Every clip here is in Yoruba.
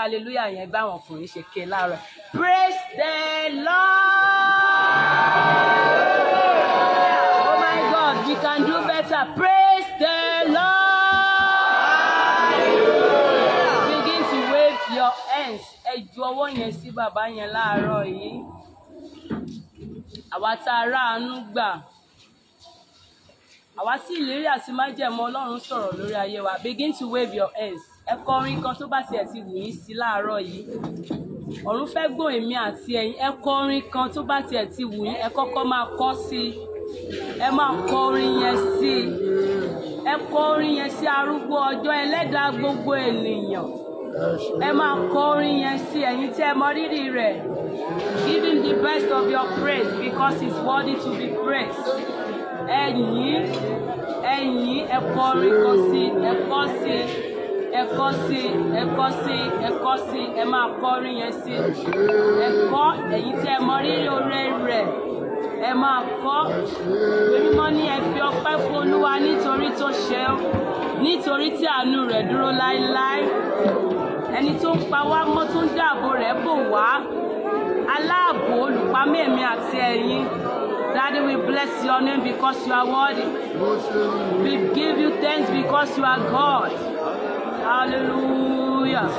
hallelujah yẹn bá àwọn ọkùnrin ṣe ké láàárọ̀ praise the lord oh my god you can do better praise the lord begin to wave your hands ẹ ju ọwọ́ yẹn sí bàbá yẹn láàárọ̀ yìí àwa tá a ráàánú gbà àwa sí ìlérí àti májẹ̀mú ọlọ́run sọ̀rọ̀ lórí ayé wa begin to wave your hands ẹ orin kan tó bá tiẹ̀ ti wù yín sí láàárọ̀ yìí ọ̀run fẹ́ gbọ́ èmi àti ẹ̀yin ẹ orin kan tó bá tiẹ̀ ti wù yín ẹ kọ́kọ́ máa kọ sí i ẹ máa kọ orin yẹn sí i ẹ kọ orin yẹn sí arúgbó ọjọ́ ẹlẹ́dàá gbogbo ènìyàn ẹ máa kọ orin yẹn sí ẹ̀yin tí ẹ mọ rírì rẹ̀ give him the best of your praise because he worthy to be praised ẹ̀yin ẹ̀yin ẹ kọ orin kan sí ẹ sí i ẹ kọ sí ẹ kọ sí ẹ kọ sí ẹ máa kọ orin yẹn sí ẹ kọ ẹ̀yin tí ẹ mọ rírì oore rẹ̀ ẹ máa kọ onímọ̀ ní ẹ fi ọpẹ́ fún olúwa nítorí tó ṣe é nítorí tí àánú rẹ̀ dúró láéláé ẹni tó ń pa wá mọ́ tó ń dáàbò rẹ̀ bò wá aláàbò olùpamẹ́mí àti ẹ̀yin. Daddy, we bless your name because you are worthy. We give you thanks because you are God. Hallelujah.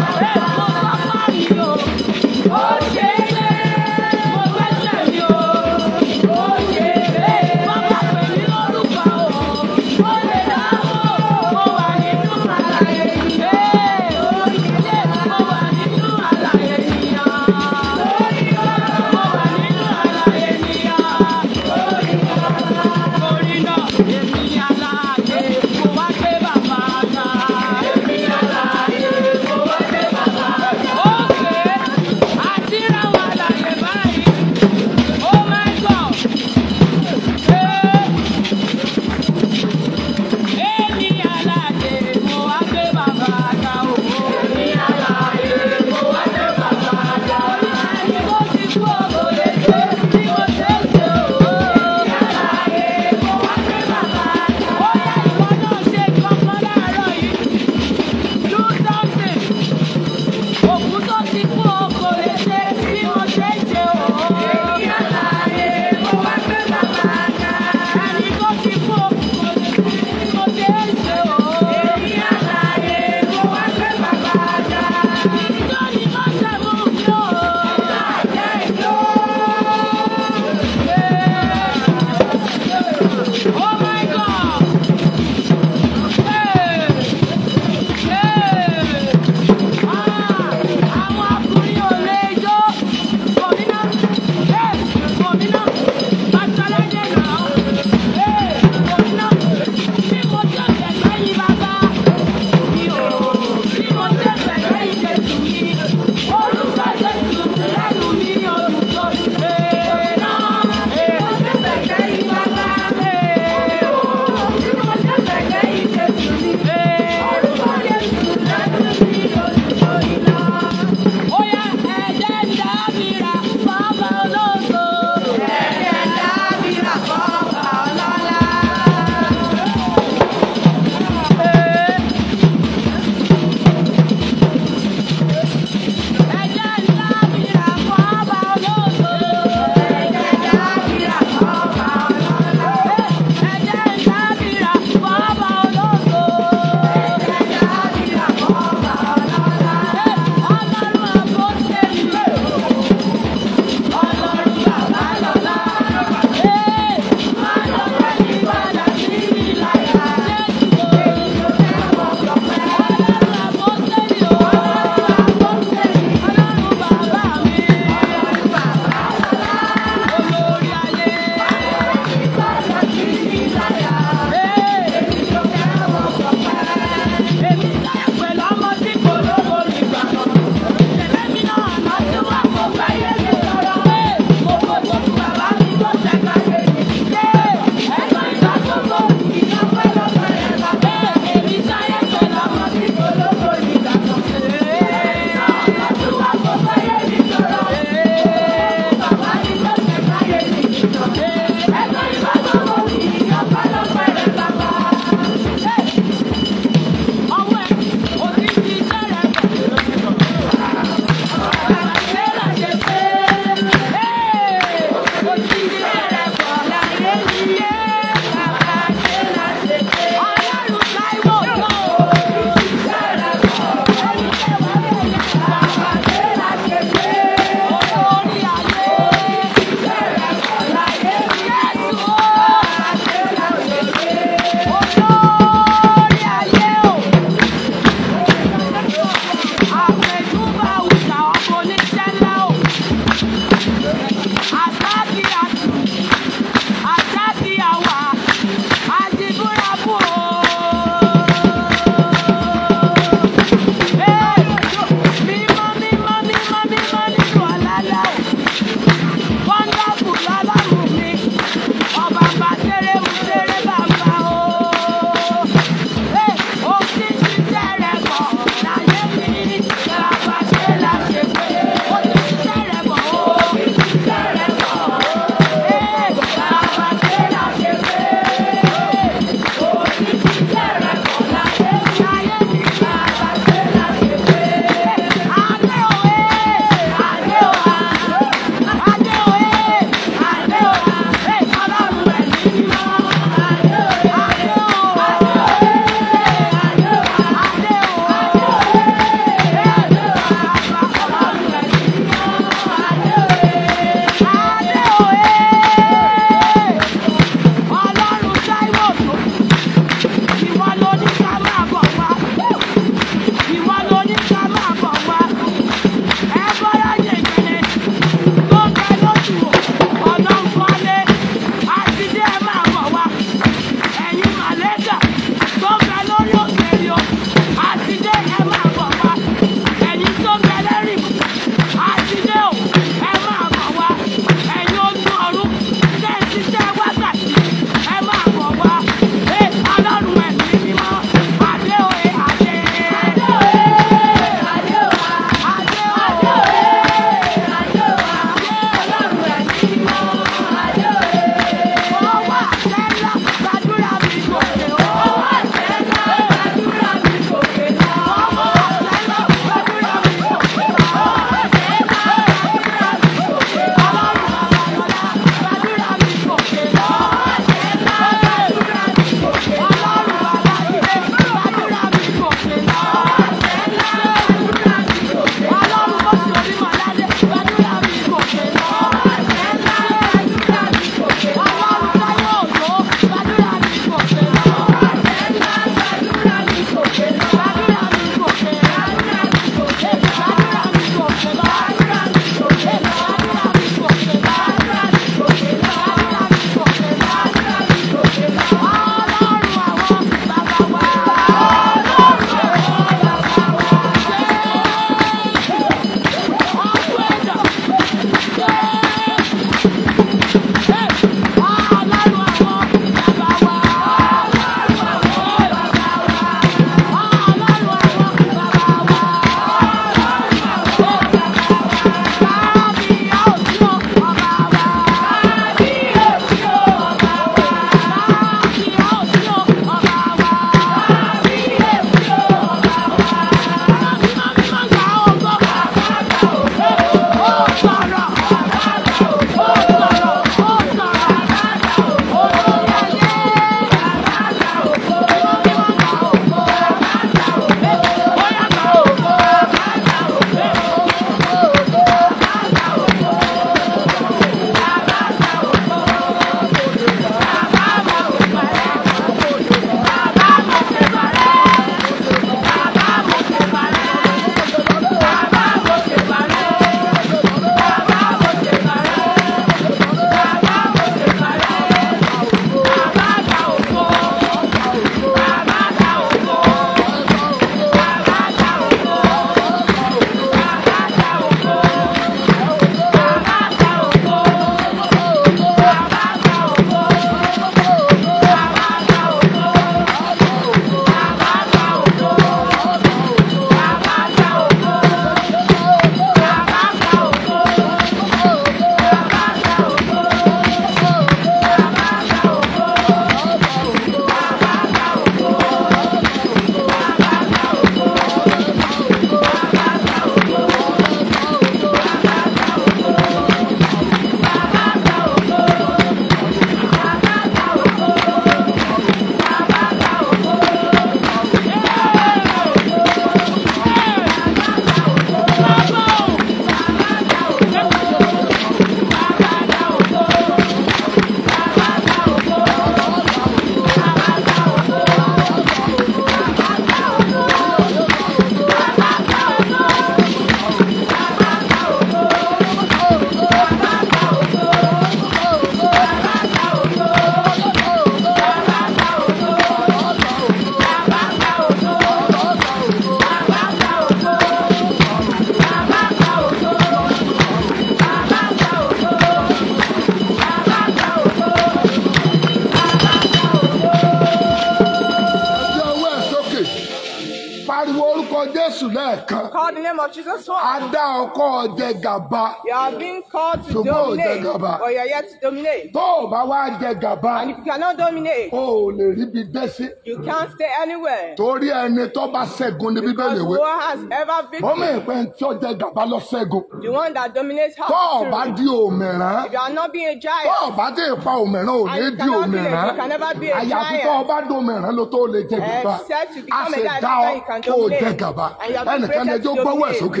gàba. You are being called to dominate. But you are yet to dominate. Tó o bá wá jẹ gàba. And if you cannot dominate. O ò lè rí ibi bẹ́ You can't stay anywhere. Torí ẹni tó bá ṣẹ́gun ni Bíbélì wé. Because who has ever been. Mọ́mọ́ ìpẹ́ ń gàba lọ ṣẹ́gun the one that dominates her. tọ́ ọ di òmìrán. if you are not being a giant. tọ́ ọ bá tẹ̀ pa òmìrán ò ní di òmìrán. you can never be a giant. àyàfi tọ́ ọ bá di òmìrán ló tó lè jẹ gàba. except to become a giant that you can dominate. a ṣe dá ọ kó to jẹ gàba. ẹnìkan lè jó gbọ́wọ́ ẹ̀ sókè.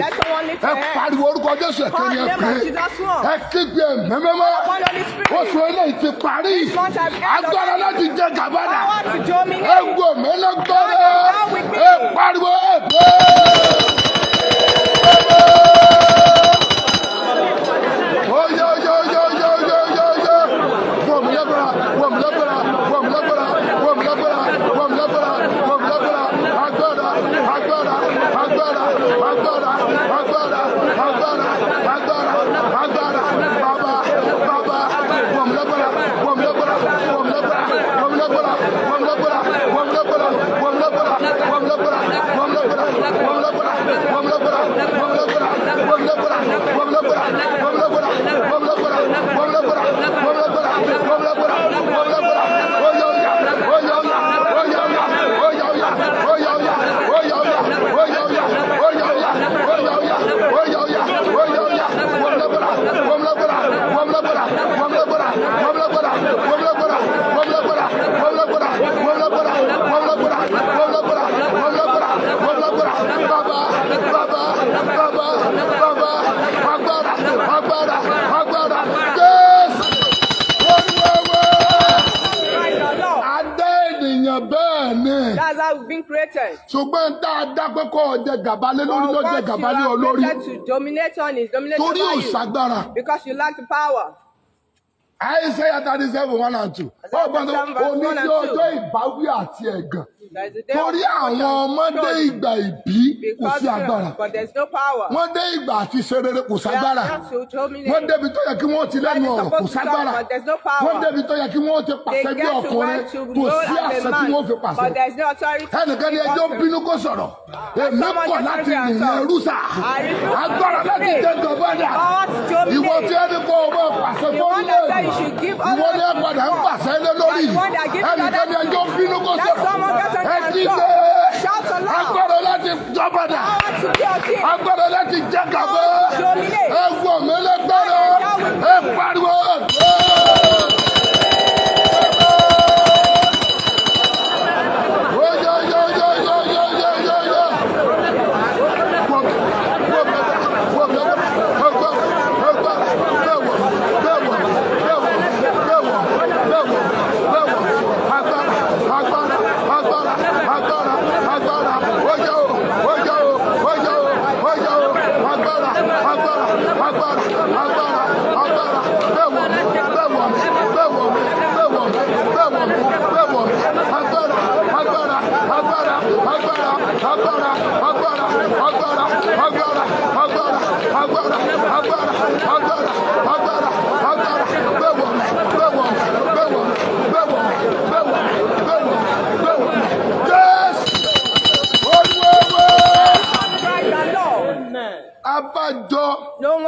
ẹ pariwo orúkọ Jésù ẹ̀kẹ́ ni ẹ pé ẹ kígbe mẹ́mẹ́mọ́. oṣù eléyìí ti parí. agbára láti jẹ gàba dà. ẹ gbọ́ mẹ́lẹ́gbọ́rẹ́ ẹ pariwo ẹ pé. ṣùgbọ́n dáadáa pé kọ́ ọ̀jẹ̀ gàbálé lórí ló jẹ́ gàbálé olórí torí ò ṣàgbára. because you lack power. Isaiah thirty seven one and two. ọgbọ́n tó oníjọ́ ọjọ́ ìbáwí àti ẹ̀gàn torí àwọn ọmọ dé ìgbà ìbí kò sí agbára wọ́n dé ìgbà àti ṣe kò ságbára wọ́n débi tó yẹ kí wọ́n ti lẹ́nu ọ̀rọ̀ kò ságbára wọ́n débi tó yẹ kí wọ́n ti pàṣẹ bí ọkùnrin kò sí àṣẹ tí wọ́n fi pàṣẹ ẹnìkan ni ẹjọ́ bínú kó sọ̀rọ̀ èmi kọ̀ láti yìnyín ẹrú agbára láti jẹ́ gọ̀bọ́dà ìwọ tí ẹni kọ́ ọmọ pàṣẹ fọ́nlẹ̀ ìwọ ni ẹ padà ń pàṣẹ lé lórí ẹnìkan ni ẹjọ́ bínú kó sọ̀rọ̀ agbára láti jọbọdà agbára láti jẹ gàbọ ẹ wọ mẹlẹgbẹrẹ ẹ pariwo ẹ.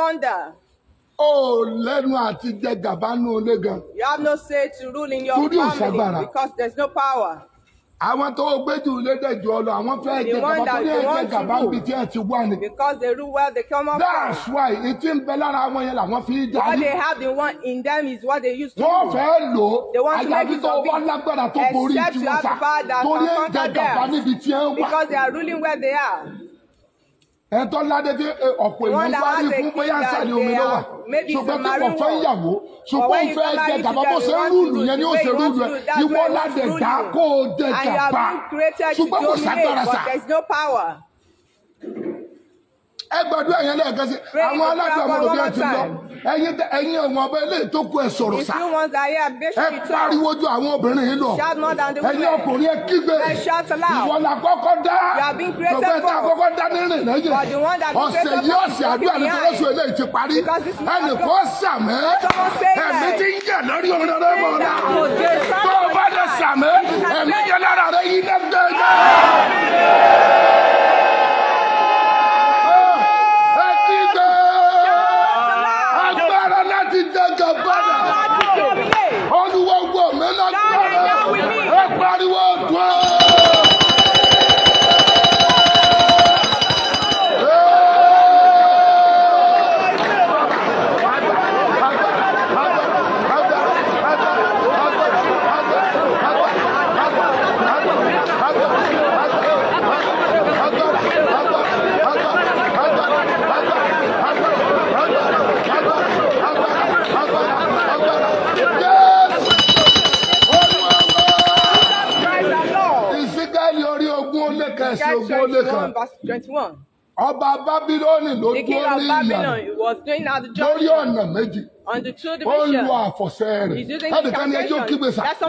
squander. O lẹ́nu àti jẹ gàba nù olé gan. You have no say to rule in your family because there is no power. Àwọn tó o gbé jù lédè jù ọ lọ, àwọn fẹ́ jẹ gàba tó lè jẹ gàba níbi tí ẹ ti wá ni. Because they rule where they come up from. That's why etí ń bẹ lára àwọn yẹn làwọn fi ń darí. What they have in one in them is what they use to do. Wọ́n fẹ́ lò ó, àyàfi tó wá lágbára tó borí jù wọ́n sá. Except to have the power that can conquer them. Torí ẹ jẹ gàba níbi tí ẹ wà. Because they are ruling where they are ẹtọ́ ládédé ọ̀pọ̀ èèyàn bá rí fún bóyá ń sàlẹ̀ omi ló wà ṣùgbọ́n tí wọ́n fẹ́ ìyàwó ṣùgbọ́n ìfẹ́ jẹ gàba bó ṣe ń rúùlù yẹn ni ó ṣe rúùlù ẹ ìwọ ládẹ̀dá kó o dẹ̀ gàba ṣùgbọ́n kò ságbára sà ẹ gbàdúrà yẹn lẹ́ẹ̀kan sí àwọn aládàmọ̀rò bí ẹ ti lọ ẹ̀yin ẹ̀yin ọ̀wọ́n ọba ilé tó kú ẹ sọ̀rọ̀ sá ẹ pariwo ju àwọn obìnrin yìí lọ ẹ̀yin ọkùnrin ẹ kígbe ìwọ la kọ́kọ́ dá lọ́gbẹ́ tá a kọ́kọ́ dá nínú ìnáyẹ ọ̀sẹ̀ yìí ọ̀sẹ̀ àdúrà ní tọ́lọ́sọ ilé ti parí ẹnì kọ́ sàmẹ́ ẹ̀mí ti ń yẹ̀ lórí orin rẹ̀ mọ́ ọ́nà tó o bá dẹ̀ sàmẹ́ ẹ̀mí yẹ lára rẹ̀ yí dẹ́gbẹ́gbẹ́. verse one. Ọba Bábílónì ló dúró ní ìyànà lórí ọ̀nà méjì on the two division. ó lu àfọ̀sẹ́ rẹ̀ láti tẹ́ni ẹjọ́ kígbe sá. that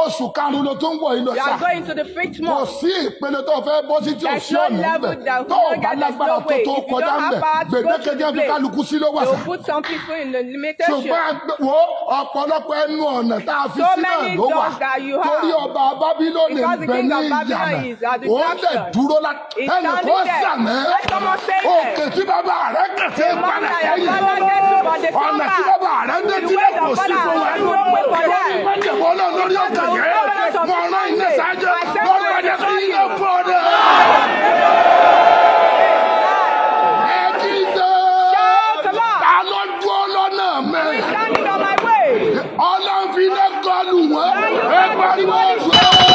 oṣù karùn-ún tó ń wọ̀ yìí lọ sá. you are going to the fifth month. kò sí ìpele tó fẹ́ bọ́ sí tí o sí ọ̀nà níbẹ̀ tó o bá lágbára tó tó kọjá níbẹ̀ gbèdékejì fi kálukú sí ló wà sá. you put some people in the limitation. ṣùgbọ́n wo ọ̀pọ̀lọpọ̀ ẹnu ọ̀nà tá a fi sílẹ̀ ló wà torí ọba Bábílónì bẹ ní ìyànà òun tẹ̀ dúró la ẹnì kan sàmẹ́ ọ̀nà tí bàbá rẹ̀ dé tí lè kò sí fún wa kẹwàá ní májèmọ́ náà lórí ọ̀tàn yẹn mọ̀ ọ̀rọ̀ iná ṣáájú wọ́n padà sí iná pọ̀ náà. Ọlọ́run fi iná kọlù wọ́n, ẹ pariwo ọ̀ṣun.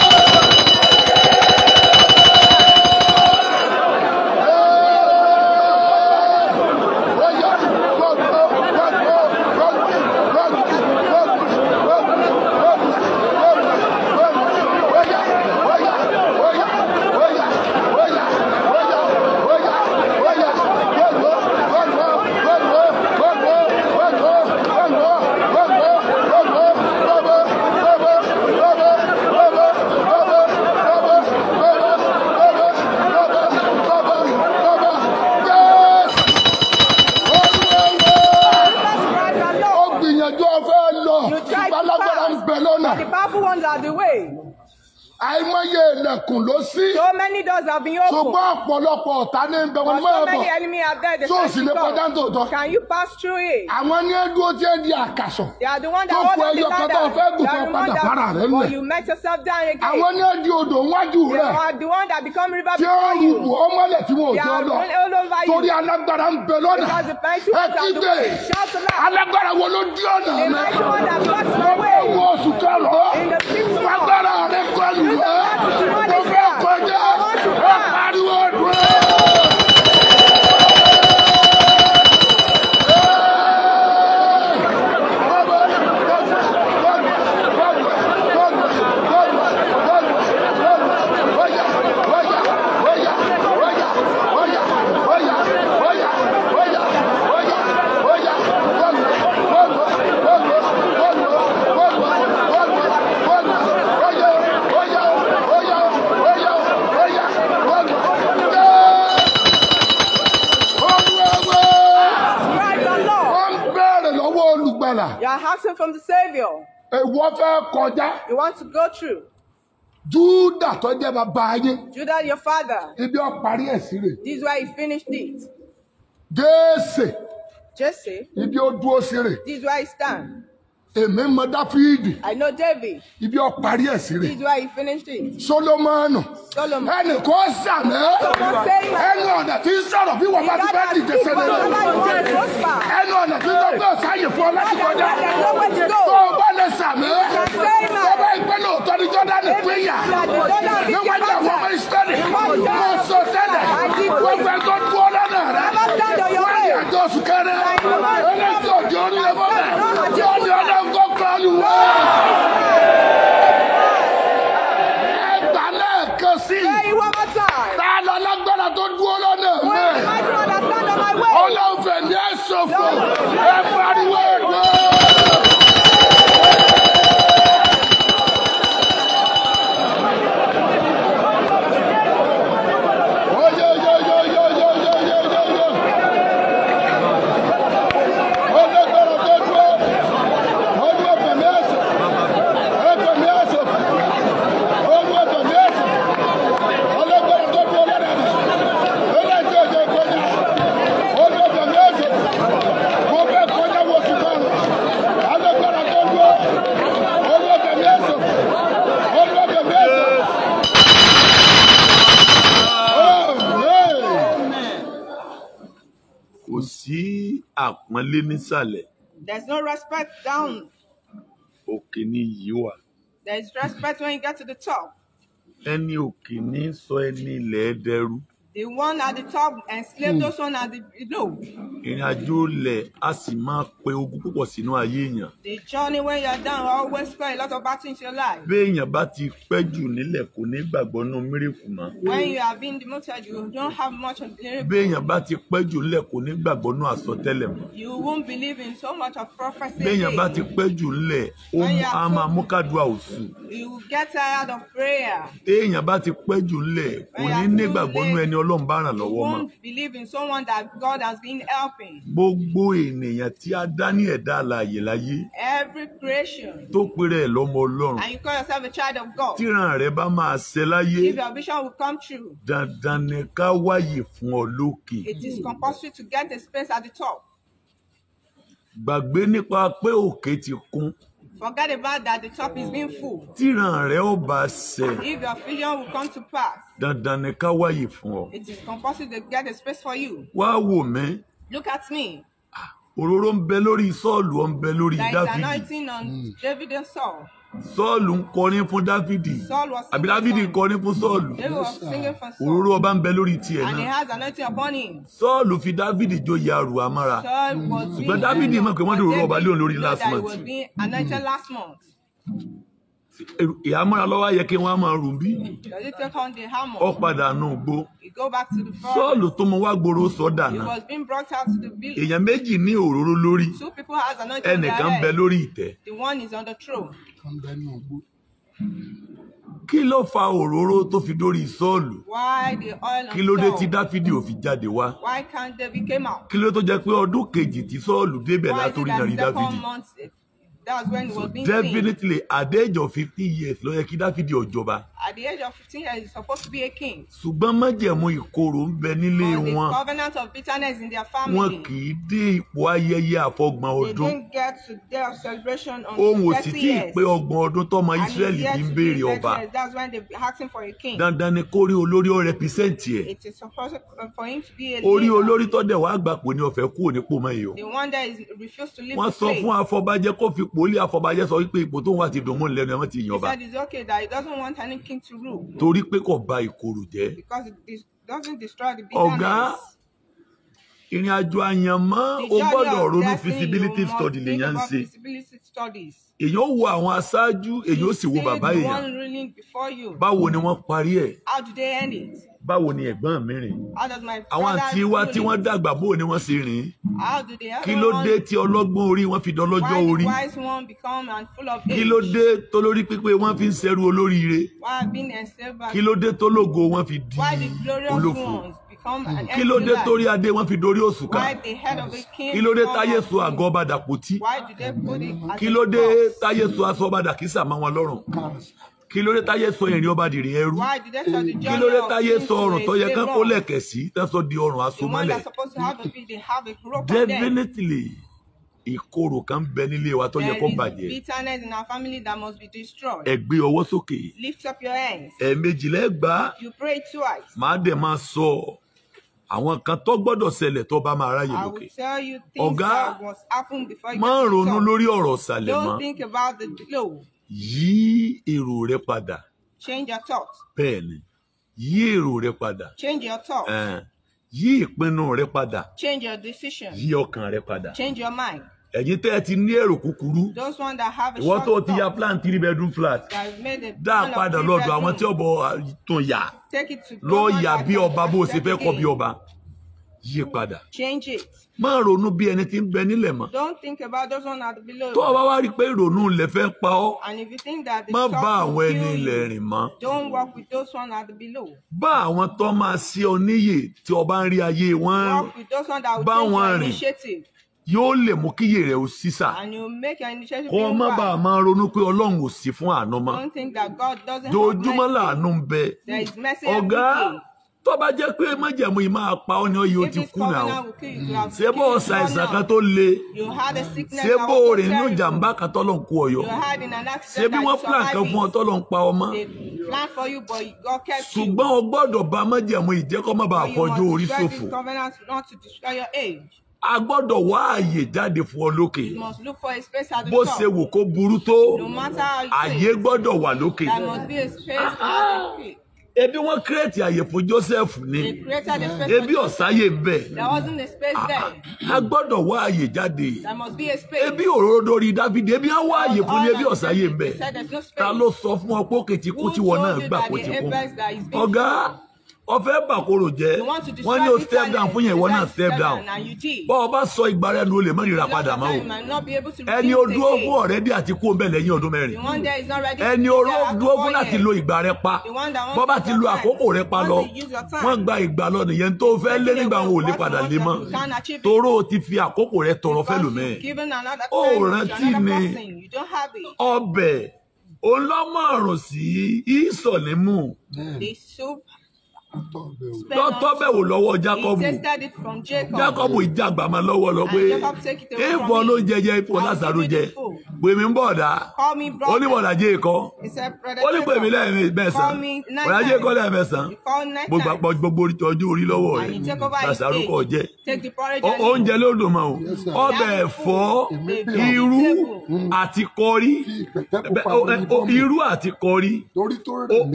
ilẹ̀kùn ló sí. so many doors have been opened. ṣùgbọ́n ọ̀pọ̀lọpọ̀ ọ̀tá ní ẹgbẹ́ wọn mọ́ ẹ bọ̀. but so many enemies are there. so sì lè kọjá tó tọ́. can you pass through it. àwọn ní ẹgbẹ́ tí ẹ di àkàsọ̀. they are the one that hold on the ladder. tó kọ ẹyọ kọtọ fẹ́ gùn fẹ́ padà bára rẹ lẹ. but you met yourself down again. àwọn ní ẹgbẹ́ odò wájú rẹ. they are the one that become river before you. tí ó rù ọmọlẹ̀ tí wọn ò jẹ́ lọ. they are all over you. torí alágbára ń bẹ lọ́nà. because the mighty ones are the ones that shout aloud. alágbára wo ló dí ọ̀nà rẹ. the mighty one that blocks my way. ọwọ́ oṣù kẹrọ. in the fifth month. agbára rẹ kọlù rẹ. meu poder. kọjá. You want to go through. Júdà tó jẹ́ bàbá yín. Judah your father. Ibi ó ẹ̀ sí rè. This is why he finished it. Jésè. Jésè. Ibi ó dúró sí rè. This is why he stand. Èmi mọ Dáfídì. I know David. Ibi ó parí ẹ̀ sí rẹ̀. This is why he finished it. Solomoni. Solomoni. Ẹnì kan sàmì. Ẹnu ọ̀nà tí ń sọ̀rọ̀ bí wọ́n bá ti bá dìde sẹ́lẹ̀ lọ. Ẹnu ọ̀nà tí ń sọ pé ọ̀sáyè fún ọ láti kọjá. Tó o bá lè sàmì. Tó bá ìpẹ́ lóòótọ́ ni Jọ́dánì pé yà. Níwájú àwọn ọmọ Ísírẹ́lì. Mo sọ sẹ́lẹ̀. Wọ́n fẹ́ tó dúró lọ́nà rẹ̀. Wọ́n yà jọ sùkẹ́rẹ́. Ó Olúwa. Ẹgbà lẹ́ẹ̀kan sí. Ta lọ lágbára tó dúró lọ́nà mẹ́. Olóòfẹ́ ní ẹ̀sọ̀fọ̀ ẹ pariwo. àpọ́nlé There's no respect down. Òkè ni There's respect when you get to the top. Any òkè sọ any ilẹ̀ the one at the top enslave hmm. those one at the below. ìrìn lẹ̀ a sì máa pe ogun púpọ̀ sínú ayé èèyàn. the journey when you are down always pay a lot of bad things in your life. bí èèyàn bá ti pẹ́ jù nílẹ̀ kò ní gbàgbọ́ nínú mírèkù mọ́. when you have been demoted you don't have much of miracle. bí èèyàn bá ti pẹ́ jù nílẹ̀ kò ní gbàgbọ́ nínú àsọtẹ́lẹ̀ mọ́. you won't believe in so much of prophecy. bí èèyàn bá ti pẹ́ jù nílẹ̀ ó á máa mú kádùá òsù. you get tired of prayer. bí èèyàn bá ti pẹ́ jù nílẹ̀ kò ní nígbàgbọ́ nínú ẹni Ọlọ́run bá ràn lọ́wọ́ mọ́. You won't believe in someone that God has been helping. Gbogbo ènìyàn tí a dá ní ẹ̀dá alààyè láyé. Every creation. Tó péré ẹ̀ lọ́mọ Ọlọ́run. And you call yourself a child of God. Tíran rẹ bá máa ṣẹ láyé. If your vision will come true. Dandan ni ká wáyè fún ọ lókè. It is compulsory to get a space at the top. Gbàgbé nípa pé òkè ti kún. Forget about that, the top is being full. Tiran rẹ̀ ó bá ṣẹ. If your failure will come to pass. Dandan ni ká wáyé fún ọ. It is compulsory to get a space for you. Wá wò mí. Look at me. Ah, òróró ń bẹ lórí Sọ́ọ̀lù, ó ń bẹ lórí Dáfídì. is anointing on hmm. David and Saul sọ́ọ̀lù ń kọrin fún dávidi àbí dávidi ń kọrin fún sọ́ọ̀lù òróró ọba ń bẹ lórí tiẹ̀ náà sọ́ọ̀lù fi dávidi joyè arù amára ṣùgbọ́n dávidi mọ̀ pé wọ́n dé òróró ọba léon lórí last month ìhámọ́ra lọ́wọ́ yẹ kí wọ́n á máa rùn bí. ó padà nù gbó. sọ́ọ̀lù tó mọ wá gbòòrò sọ́dà náà. èèyàn méjì ní òróró lórí. ẹnìkan bẹ lórí ìtẹ́ tó ń bẹ ní ògbó. Kí ló fa òróró tó fi dórí Sọ́ọ̀lù? Kí ló dé tí Dáfídì ò jáde wá? Kí ló tó jẹ́ pé ọdún kejì tí Sọ́ọ̀lù débẹ̀ látorí nàrí Dáfídì? so definitely at the age of fifty years ló yẹ kí Dáfídì ó at the age of fifteen years he's supposed to be a king. ṣùgbọ́n májẹ̀mú ìkorò ń bẹ nílé wọn. for the covenant of bitterness in their family. wọn kì í dé ipò ayẹyẹ àfọgbọ̀n ọdún. they didn't get to day celebration until thirty years. ohun ò sì tí ì pé ọgbọ̀n ọdún tọmọ Ísírẹ́lì yìí ń béèrè ọba. and he is to be thirty years that's when they asking for a king. dandan ni kó rí olórí ó rẹpísẹ́ǹtì ẹ̀. it is supposed uh, for him to be a leader. orí olórí tó dẹ̀ wá gbà pé ní ọ̀fẹ́ kúrò nípò mọ́ èèyàn. the one that is refused to leave the place. wọ́n sọ fún afọbajẹ kó fi pòólì afọbajẹ sọ wípé ipò tóun wá ti dùn mọ́ ìlẹ́nu ẹ̀ wọ́n ti yàn ọba. he said it's okay that he doesn't want any king taking to rule. torí pé kò bà ìkorò jẹ́. because it doesn't destroy the bitterness. ọ̀gá ìrìn àjò àyànmọ́ o gbọ́dọ̀ ronú feasibility study lèyàn ń ṣe èyàn ó wo àwọn aṣáájú èyàn ó sì wo bàbá èyàn báwo ni wọ́n parí ẹ̀ báwo ni ẹ̀gbọ́n mi rìn àwọn àǹtí wa tí wọ́n dàgbà bó ni wọ́n sì rìn kí ló dé tí ọlọ́gbọ́n orí wọn fi dọlọ́jọ́ orí kí ló dé tólórí pípé wọ́n fi ń ṣẹrú olóríire kí ló dé tólógo wọ́n fi di olófò hmm. kí ló dé torí adé wọ́n fi dorí òṣùká kí ló dé táyé so àgọ́ ọba dàpótí kí ló dé táyé so aṣọ ọba dàkísà mọ́ wọn lọ́rùn kí ló dé táyé sọ ìrìn ọba dìrìn ẹrú kí ló dé táyé sọ ọrùn tó yẹ kán kó lẹ̀kẹ̀ sí tẹ́sọ di ọrùn àsomọ́lẹ̀ definitely ìkorò kan bẹ nílé wa tó yẹ kó bàjẹ́ ẹ gbé ọwọ́ sókè ẹ̀ẹ̀mejì lẹ́gbàá máa dẹ̀ máa sọ àwọn kan tó gbọ́dọ̀ ṣẹlẹ̀ tó bá máa ráyè lókè ọ̀gá máa ronú lórí ọ̀rọ̀ ṣàlẹ̀ mọ́ yí èrò rẹ padà. change your thoughts. bẹ́ẹ̀ni yí èrò rẹ padà. change your thoughts. Uh, yí ìpinnu rẹ padà. change your decision. yí ọkàn rẹ padà. change your mind ẹ̀yin tẹ́ ẹ ti ní èrò kúkúrú ìwọ́n tó ti ya plan three bedroom flat dá a padà lọ́dọ̀ àwọn tí ọ̀bọ̀ tó yà lọ́ọ́ yà bí ọba bó o ṣe fẹ́ kọ́ bí ọba yí padà. change it. má ronú bí ẹni tí ń bẹ nílẹ̀ mọ́. don't think about those one at below. tó o bá wá rí i pé ìrònú ilẹ̀ fẹ́ pa ọ́. and if you think that the talk will kill you. má bá àwọn ẹni ilẹ̀ rìn mọ́. don't work with those one at below. bá àwọn tó máa ṣe ọ níyè tí o ń rí ayé wọn. work with those one that will take your initiative yóò lè mú kíyè rẹ̀ ó sísà kó o má bàa máa ronú pé ọlọ́run ò sí fún àánú mọ́ dojúmọ́ làánú ń bẹ ọ̀gá tó bá jẹ́ pé májẹ̀mú yìí máa pa ọ́ ni ó yìí ó ti kú náà ṣé bó o sa ìsàn kan tó le ṣé bó o rìn nínú ìjàmbá kan tọ́lọ̀ ń kú ọ̀yọ́ ṣé bí wọ́n plan kan fún ọ tọ́lọ̀ ń pa ọmọ ṣùgbọ́n o gbọ́dọ̀ bá májẹ̀mú yìí jẹ́ kó má bàa fọjọ́ orí ṣòfò a gbọ́dọ̀ wá àyè jáde fún ọ lókè bó ṣe wù kó burú tó àyè gbọ́dọ̀ wà lókè ebi wọn kírètì àyè fún Joseph ni ebi ọ̀sáyè bẹ́ẹ̀ a gbọ́dọ̀ wá àyè jáde ebi òrodo rí Dáfídì ebi á wá àyè fún ni ebi ọ̀sáyè bẹ́ẹ̀ ta ló sọ fún ọ pé òkè tí kú tí wọn náà gbà kó ti kú ọ̀gá ọfẹ bàkóró jẹ wọn ní o step down fún yẹn ìwọ náà step down bọ ọba sọ ìgbà rẹ nu olè mọrìnrà padà mọ o ẹni o dúró fún ọ̀rẹ́ bí àti kó bẹ́ẹ̀ lẹ́yìn ọdún mẹ́rin ẹni o dúró fún láti lo ìgbà rẹ pa bọ́ bá ti lo àkókò rẹ pa lọ wọ́n gba ìgbà lọ nìyẹn tó fẹ́ lé nígbà wọn ò lè padà lé mọ́ toró ti fi àkókò rẹ tọrọ fẹ́ lòmẹ́ ó rántí ni ọbẹ̀ òun lọ́mọ̀ọ̀rọ̀ sí ìsọ̀lẹ́mù. the lọ́tọ́ bẹ̀ wò lọ́wọ́ Jacob Jacob ìjàgbá máa lọ́wọ́ lọ pé ìfọ̀ ló jẹjẹ ìfọ̀ lásàrò jẹ pèmí ń bọ̀dá oníbọ̀dá jẹ́ ìkọ́ onípèmí lẹ́ẹ̀mẹsàn bọ̀dá jẹ́ ìkọ́ lẹ́ẹ̀mẹsàn gbogbo ọjọ́ orí lọ́wọ́ rẹ̀ lásàrò kọ̀ jẹ́ oúnjẹ ló dùn mọ́ o ọbẹ̀ ẹ̀fọ́ mm. irú àti kọrí irú àti kọrí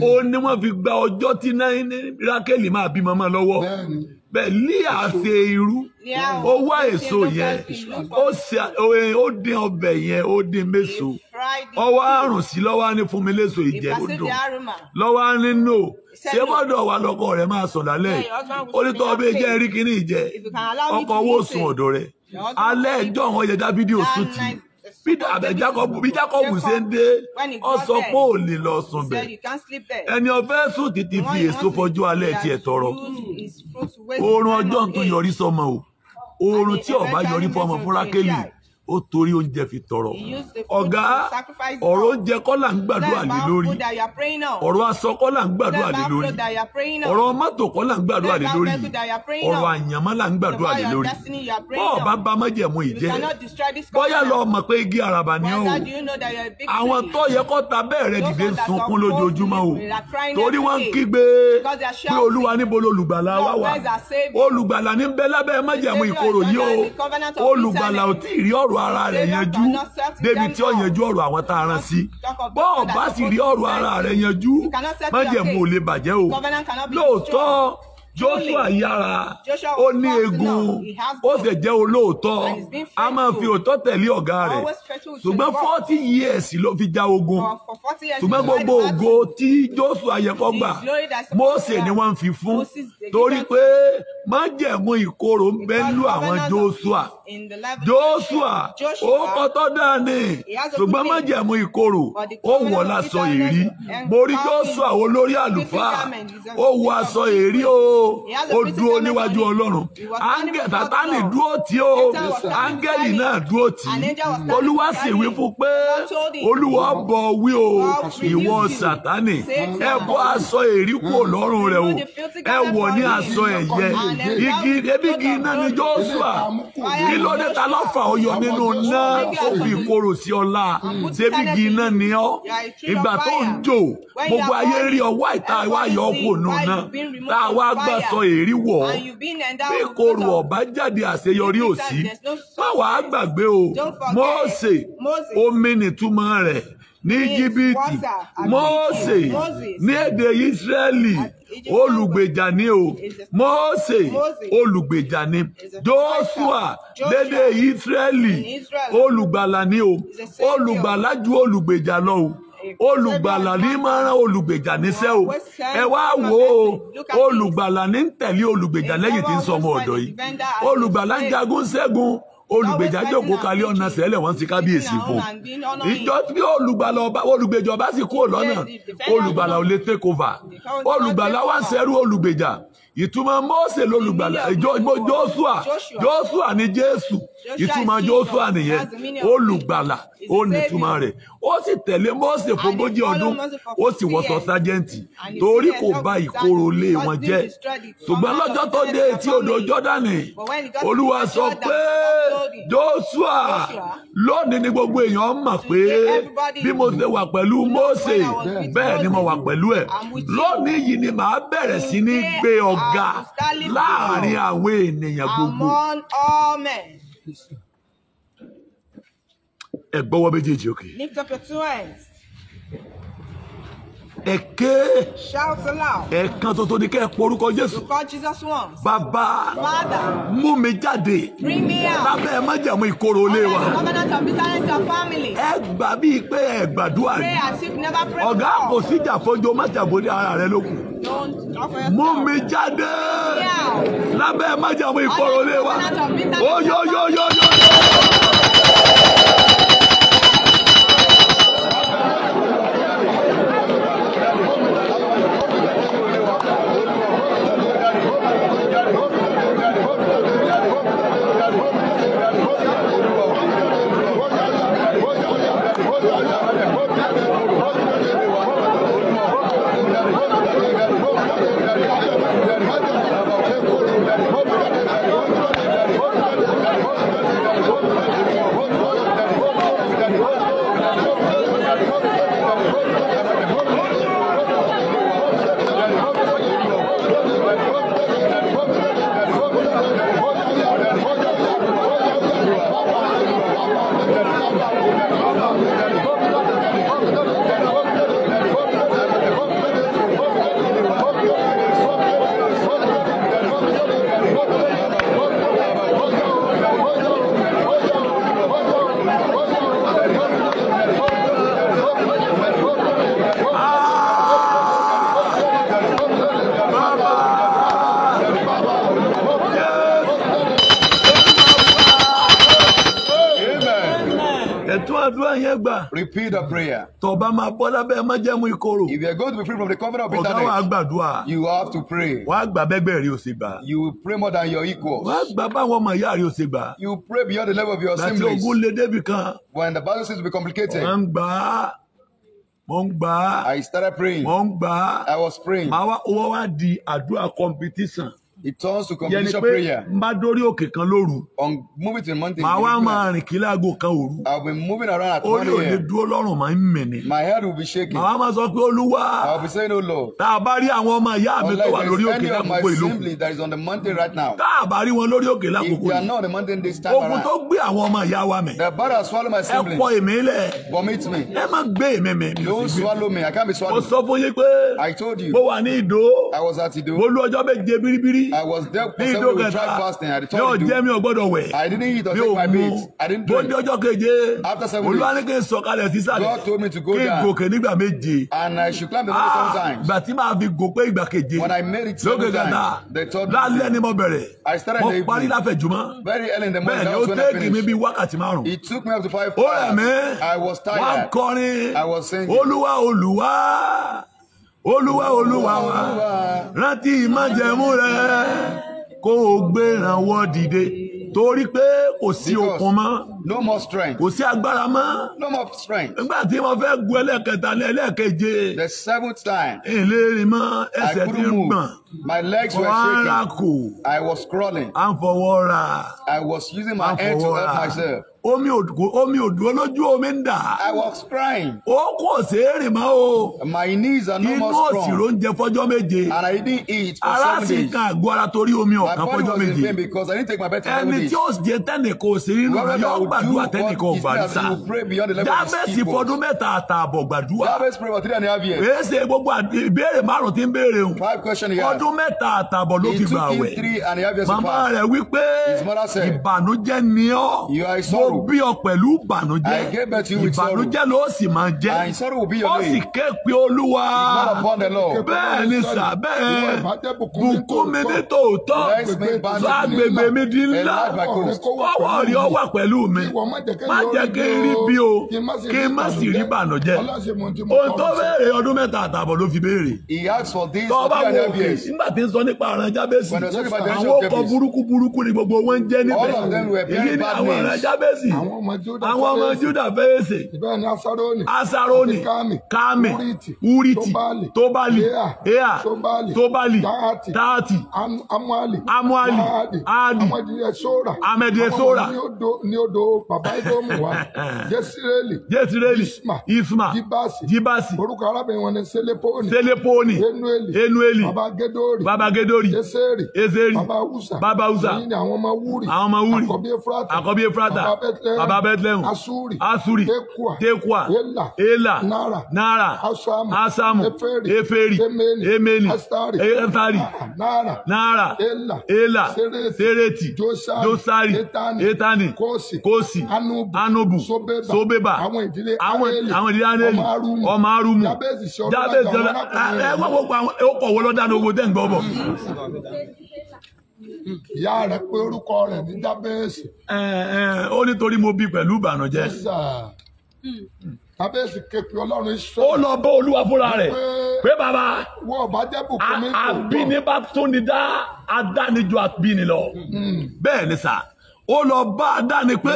ó ní wọ́n fi gba ọjọ́ tí náírà rákèlì máa bímọ mọ́ lọ́wọ́ bẹ́ẹ̀ líà ṣe irú ó wá èso yẹn ó dín ọbẹ̀ yẹn ó dín méso ọwọ́ àrùn sí lọ́wọ́ á ní fún mi léso ìjẹ́ ó dùn lọ́wọ́ á ní nò ṣé bọ́dọ̀ wà lọ́kọ rẹ̀ máa sùn lálẹ́ onítọ̀ ọbẹ̀ jẹ́ rí kíní ìjẹ́ ọkọ̀ owó sùn ọ̀dọ̀ rẹ̀ alẹ́ ìjọ́ àwọn yẹn dábídì òsùn tì í peter abẹ́jákọ́bù bí jákọ́bù ṣe ń dé ọ sọ pé ò lè lọ sùn bẹ̀ ẹni ọ̀fẹ́ sùn títí fi èso fọjú alẹ́ tiẹ̀ tọrọ oorun ọjọ́ tó yọrí sọmọ o oorun tí ọba yọrí fọmọ fúnra kẹ́lì ó torí oúnjẹ fi tọrọ ọ̀gá ọ̀rọ̀ oúnjẹ kọ́ là ń gbàdúrà lé lórí ọ̀rọ̀ aṣọ kọ́ là ń gbàdúrà lé lórí ọ̀rọ̀ mọ́tò kọ́ là ń gbàdúrà lé lórí ọ̀rọ̀ àyànmọ́ là ń gbàdúrà lé lórí bọ́ọ̀ bá bá májẹ̀mú ìjẹ́ bóyá lọ mọ̀ pé igi àràbà ni ó àwọn tó yẹ kó ta bẹ́ẹ̀ rẹ dìde ń sunkún lójoojúmọ́ o torí wọ́n ń kígbe pé olúwa níbo lolùgbàlà wá wà olùgbàlà ní bẹ́ẹ̀ lábẹ́ májẹ̀mú ìkorò yìí o olùgbàlà ò tí ì rí ọ̀rọ̀ ọ̀rọ̀ ara rẹ̀ yanjú débi tí ó yanjú ọ̀rọ̀ àwọn tá a rán sí bọ́ọ̀ bá sì rí ọ̀rọ̀ ara rẹ̀ yanjú májẹ̀mú ò lè bàjẹ́ o lóòótọ́ Joshua yára ó ní egun ó sì jẹ́ olóòótọ́ a máa fi òótọ́ tẹ̀lé ọ̀gá rẹ̀ ṣùgbọ́n forty years ló fi já ogun ṣùgbọ́n gbogbo ògo tí Joshua yẹ kó gbà Mósè ni wọ́n fi fún torí pé májẹ̀mú ìkorò ń bẹ lú àwọn Joshua Joshua ó kọ́tọ́ dání ṣùgbọ́n májẹ̀mú ìkorò ó wọ̀ láṣọ èrí mo Joshua olórí àlùfáà ó wọ aṣọ èrí o o ó dúró níwájú ọlọ́run áńgẹ̀ dúró tí o áńgẹ̀lì náà dúró tí olúwa sì wí fún pé olúwa bọ̀ wí o ìwọ sátánì ẹ bọ́ aṣọ èrí kúrò lọ́rùn rẹ o ẹ wọ̀ ní aṣọ ẹ̀yẹ igi ebi igi iná ni Joshua, kí ló dé ta ló fà ọyọ nínú náà ó fi korò sí ọlá ṣebí iná ni ọ́ ìgbà tó ń jò gbogbo ayé rí ọwọ́ ìta ìwà yọ ọkùnrin náà tá a wá gbà aṣọ èrí wọ̀ ọ́ bí kòrò ọ̀bá jáde àṣeyọrí ò má wàá gbàgbé o Mósè omi nìtumọ̀ rẹ̀ ní jìbìtì Mósè ní èdè Ísírẹ́lì olùgbèjà ni o Mósè olùgbèjà ni Jóṣúà lédè Ísírẹ́lì olùgbàlà ni o olùgbàlà ju olùgbèjà lọ o. olùgbàlà ní máa olùgbèjà níṣẹ́ o ẹ wá wò ó olùgbàlà ní tẹ̀lé olùgbèjà lẹ́yìn tí ń sọ ọmọ ọ̀dọ́ yìí olùgbàlà ń jagun ṣẹ́gun olùgbèjà jókòó kalẹ̀ ọ̀nà sẹ́lẹ̀ wọ́n ti kábíyèsí fún tí olùgbàlà olùgbèjà ọba sì olùgbàlà ò lè take over olùgbàlà wá ìtumọ̀ Mósè lolùgbàlà Jósùà Jósùà ni Jésù ìtumọ̀ Jósùà nìyẹn olùgbàlà ó nìtumọ̀ rẹ̀ ó sì tẹ̀lé Mósè fógójì ọdún ó sì wọṣọ sájẹ́ǹtì torí kò bà ìkorò ilé wọn jẹ́ ṣùgbọ́n lọ́jọ́ tó dé etí odò Jọ́dánì Olúwa sọ pé Jósùà lónìí ni gbogbo èèyàn mọ̀ pé bí mo ṣe wà pẹ̀lú Mósè bẹ́ẹ̀ ni mo wà pẹ̀lú ẹ̀ lónìí yìí ni màá bẹ̀rẹ̀ sí ní gbé ọgbà ga láàrin àwọn ènìyàn gbogbo. ẹ gbọ́wọ́ méjèèjì òkè. lift up your two hands. Èké. Shout aloud. Ẹ̀kan tuntun ni kẹ́ ẹ porúkọ Jésù. You call Jesus once. Bàbá. Father. Mú mi jáde. Bring me out. Lábẹ́ májẹ̀mú ìkorò ilé wa. Under the covenant of bitterness of family. Ẹ gbà bíi pé ẹ gbàdúrà Pray as if never pray before. Ọ̀gá kò síjà fọjọ́ májàbó ní ara rẹ lókun. Don't offer yourself. Mú mi jáde. Lábẹ́ májẹ̀mú ìkorò ilé wa. Under the covenant of bitterness of family. Oyoyoyoyoyo. repeat the prayer. tó bá máa bọ́ lábẹ́ májẹ̀mú ìkorò. if you are going to be free from the covenant of bitterness. ọ̀gá wa gbàdúrà. you have to pray. wàá gbà bẹ́gbẹ́ rí o sì gbà. you will pray more than your equals. wàá gbà báwọn ọmọ ìyá rí o sì gbà. you pray beyond the level of your siblings. láti ogun lé débi kan. when the battle seems to be complicated. wọ́n ń gbà á. Mo ń gbà á. I started praying. Mo ń gbà á. I was praying. Màá wá wá di àdúrà competition. It turns to combination prayer. Yẹni pé bá dórí òkè kan lóru. On moving to the mountain. Màá wá máa rìn kí láago kan òru. I will be moving around at one a.m. Orí òde dúró lọ́rùn máa ń mì ni. My head will be shaking. Màá máa sọ pé Olúwa. I will be saying O oh, Lord. Tá a bá rí àwọn ọmọ ìyá mi tó wà lórí òkè lákòókò ìlú. Tá a bá rí wọn lórí òkè lákòókò ìlú. If they are not on the mountain this time Ogun tó gbé àwọn ọmọ ìyá wa mì. The battle has swallowed my siblings. Ẹ pọ èmi lẹ̀. Vomit me. Ẹ má gbé èmi mì. Don't swallow me. I can't be swallowed. Mo sọ fún yín pé. I told you. I was at Ìdó. I I I I was there. didn't didn't eat my meat. do. to tí dídókè ta yóò jẹ́ mi ò gbọ́dọ̀ wẹ̀ mi ò mu bó ní ọjọ́ keje olúwaníkè sọ̀kalẹ̀ sísàlẹ̀ kí n gòkè nígbà méje ah, ìgbà tí màá fi gòkè ìgbà keje lókè gàdá lálẹ́ ni mo bẹ̀rẹ̀ mo parí láfẹ̀jùmọ́ bẹ́ẹ̀ ni ó tẹ́ẹ̀kì mi bí wákàtí márùn-ún ó rẹ̀ mí wọ́n kọrin olúwa olúwa olúwa olúwa wa rántí ìmájẹ̀mú rẹ kó o gbé ìrànwọ́ dìde torí pé kò sí okun mọ́. no more strength. kò sí agbára mọ́. no more strength. nígbà tí wọ́n fẹ́ gun ẹlẹ́kẹta ní ẹlẹ́keje. the seventh time. èlé mọ́ ẹsẹ̀ tí ń gbọ̀n. My legs were shaking. I was crawling. I'm for water. I was using my hand to help myself. Omi òdùkú omi òdùkú lójú omi ń dà. I was crying. Ó kò ṣeé rìn mọ́ o. My knees are no more strong. Inú òsì ló ń jẹ fọ́jọ́ méje. And I didn't eat for seven days. Ara sì ń kan àgọ́ ara torí omi ọ̀kan fọ́jọ́ méje. My body was in pain because I didn't take my bed for seven days. Ẹni tí ó jẹ tẹ́nìkan ò sí nínú yóò gbàdúrà tẹ́nìkan ò gbàdúrà. Dábẹ́sì fọdún mẹ́ta àtààbọ̀ gbàdúrà. Dábẹ́sì pray for three and a half years. Èé ṣe gbogbo ìbéèrè márùn-ún tí ń béèrè o. Five questions he ọdún mẹ́ta àtàbọ̀ ló fi gbà wẹ̀ màmá rẹ̀ wí pé ìbànújẹ́ ni ọ́ mo bí ọ pẹ̀lú ìbànújẹ́ ìbànújẹ́ ló sì máa jẹ́ ó sì ké pe olúwa bẹ́ẹ̀ ni sà bẹ́ẹ̀ bùkún mi ní tòótọ́ sọ agbègbè mi di ńlá ọwọ́ rí ọ wà pẹ̀lú mi má jẹ́ kí n rí bí o kí n má sì rí ìbànújẹ́ ohun tó béèrè ọdún mẹ́ta àtàbọ̀ ló fi béèrè tọ́ bá wọ òkè Jabez. nígbà tí ń sọ nípa àrùn Jabez àwọn ọkọ̀ burúkú burúkú ni gbogbo wọn ń jẹ́ níbẹ̀ èyí ni àwọn àrùn Jabez àwọn ọmọ Júdà fèrèsé Asaroni Kámi Uriti Tóbálì Ea Tóbálì Táàtì Amuali Adi Amẹdìyẹ Sora ní odò bàbá Edomu wa Jesireli Isma Jibasi orúkọ arábìnrin wọn ni Seleponi Seleponi Enueli Baba babagedori babagedori eseri eseri babawusa babawusa ẹ̀yin ni àwọn ọmọ wúri àwọn ọmọ wúri àkọ́bí efrata àkọ́bí efrata baba bethlehem asuri asuri tekua tekua ela ela nara nara asamu asamu eferi eferi Emeli, Emeli, estari estari nara nara ela ela sereti josari josari etani etani kosi kosi anubu anubu sobeba sobeba àwọn ìdílé aneli àwọn ìdílé aneli ọmọ arumu jabezi jọla ẹ wọ́n gbogbo àwọn ọkọ̀ wọlọ́dá ní ogun tẹ́ ń gbọ́ bọ̀. ìyá rẹ̀ pé orúkọ rẹ̀ ní dábẹ́ẹ̀sì. ó nítorí mo bí pẹ̀lú ìbànújẹ́. Kábíyèsí képe Ọlọ́run iṣẹ́. Ó lọ bá Olúwa fúnra rẹ̀ pé bàbá àbínibá tún ni dá adánijó àbíni lọ. Hmm. Bẹ́ẹ̀ ni sà, ó lọ bá adáni pé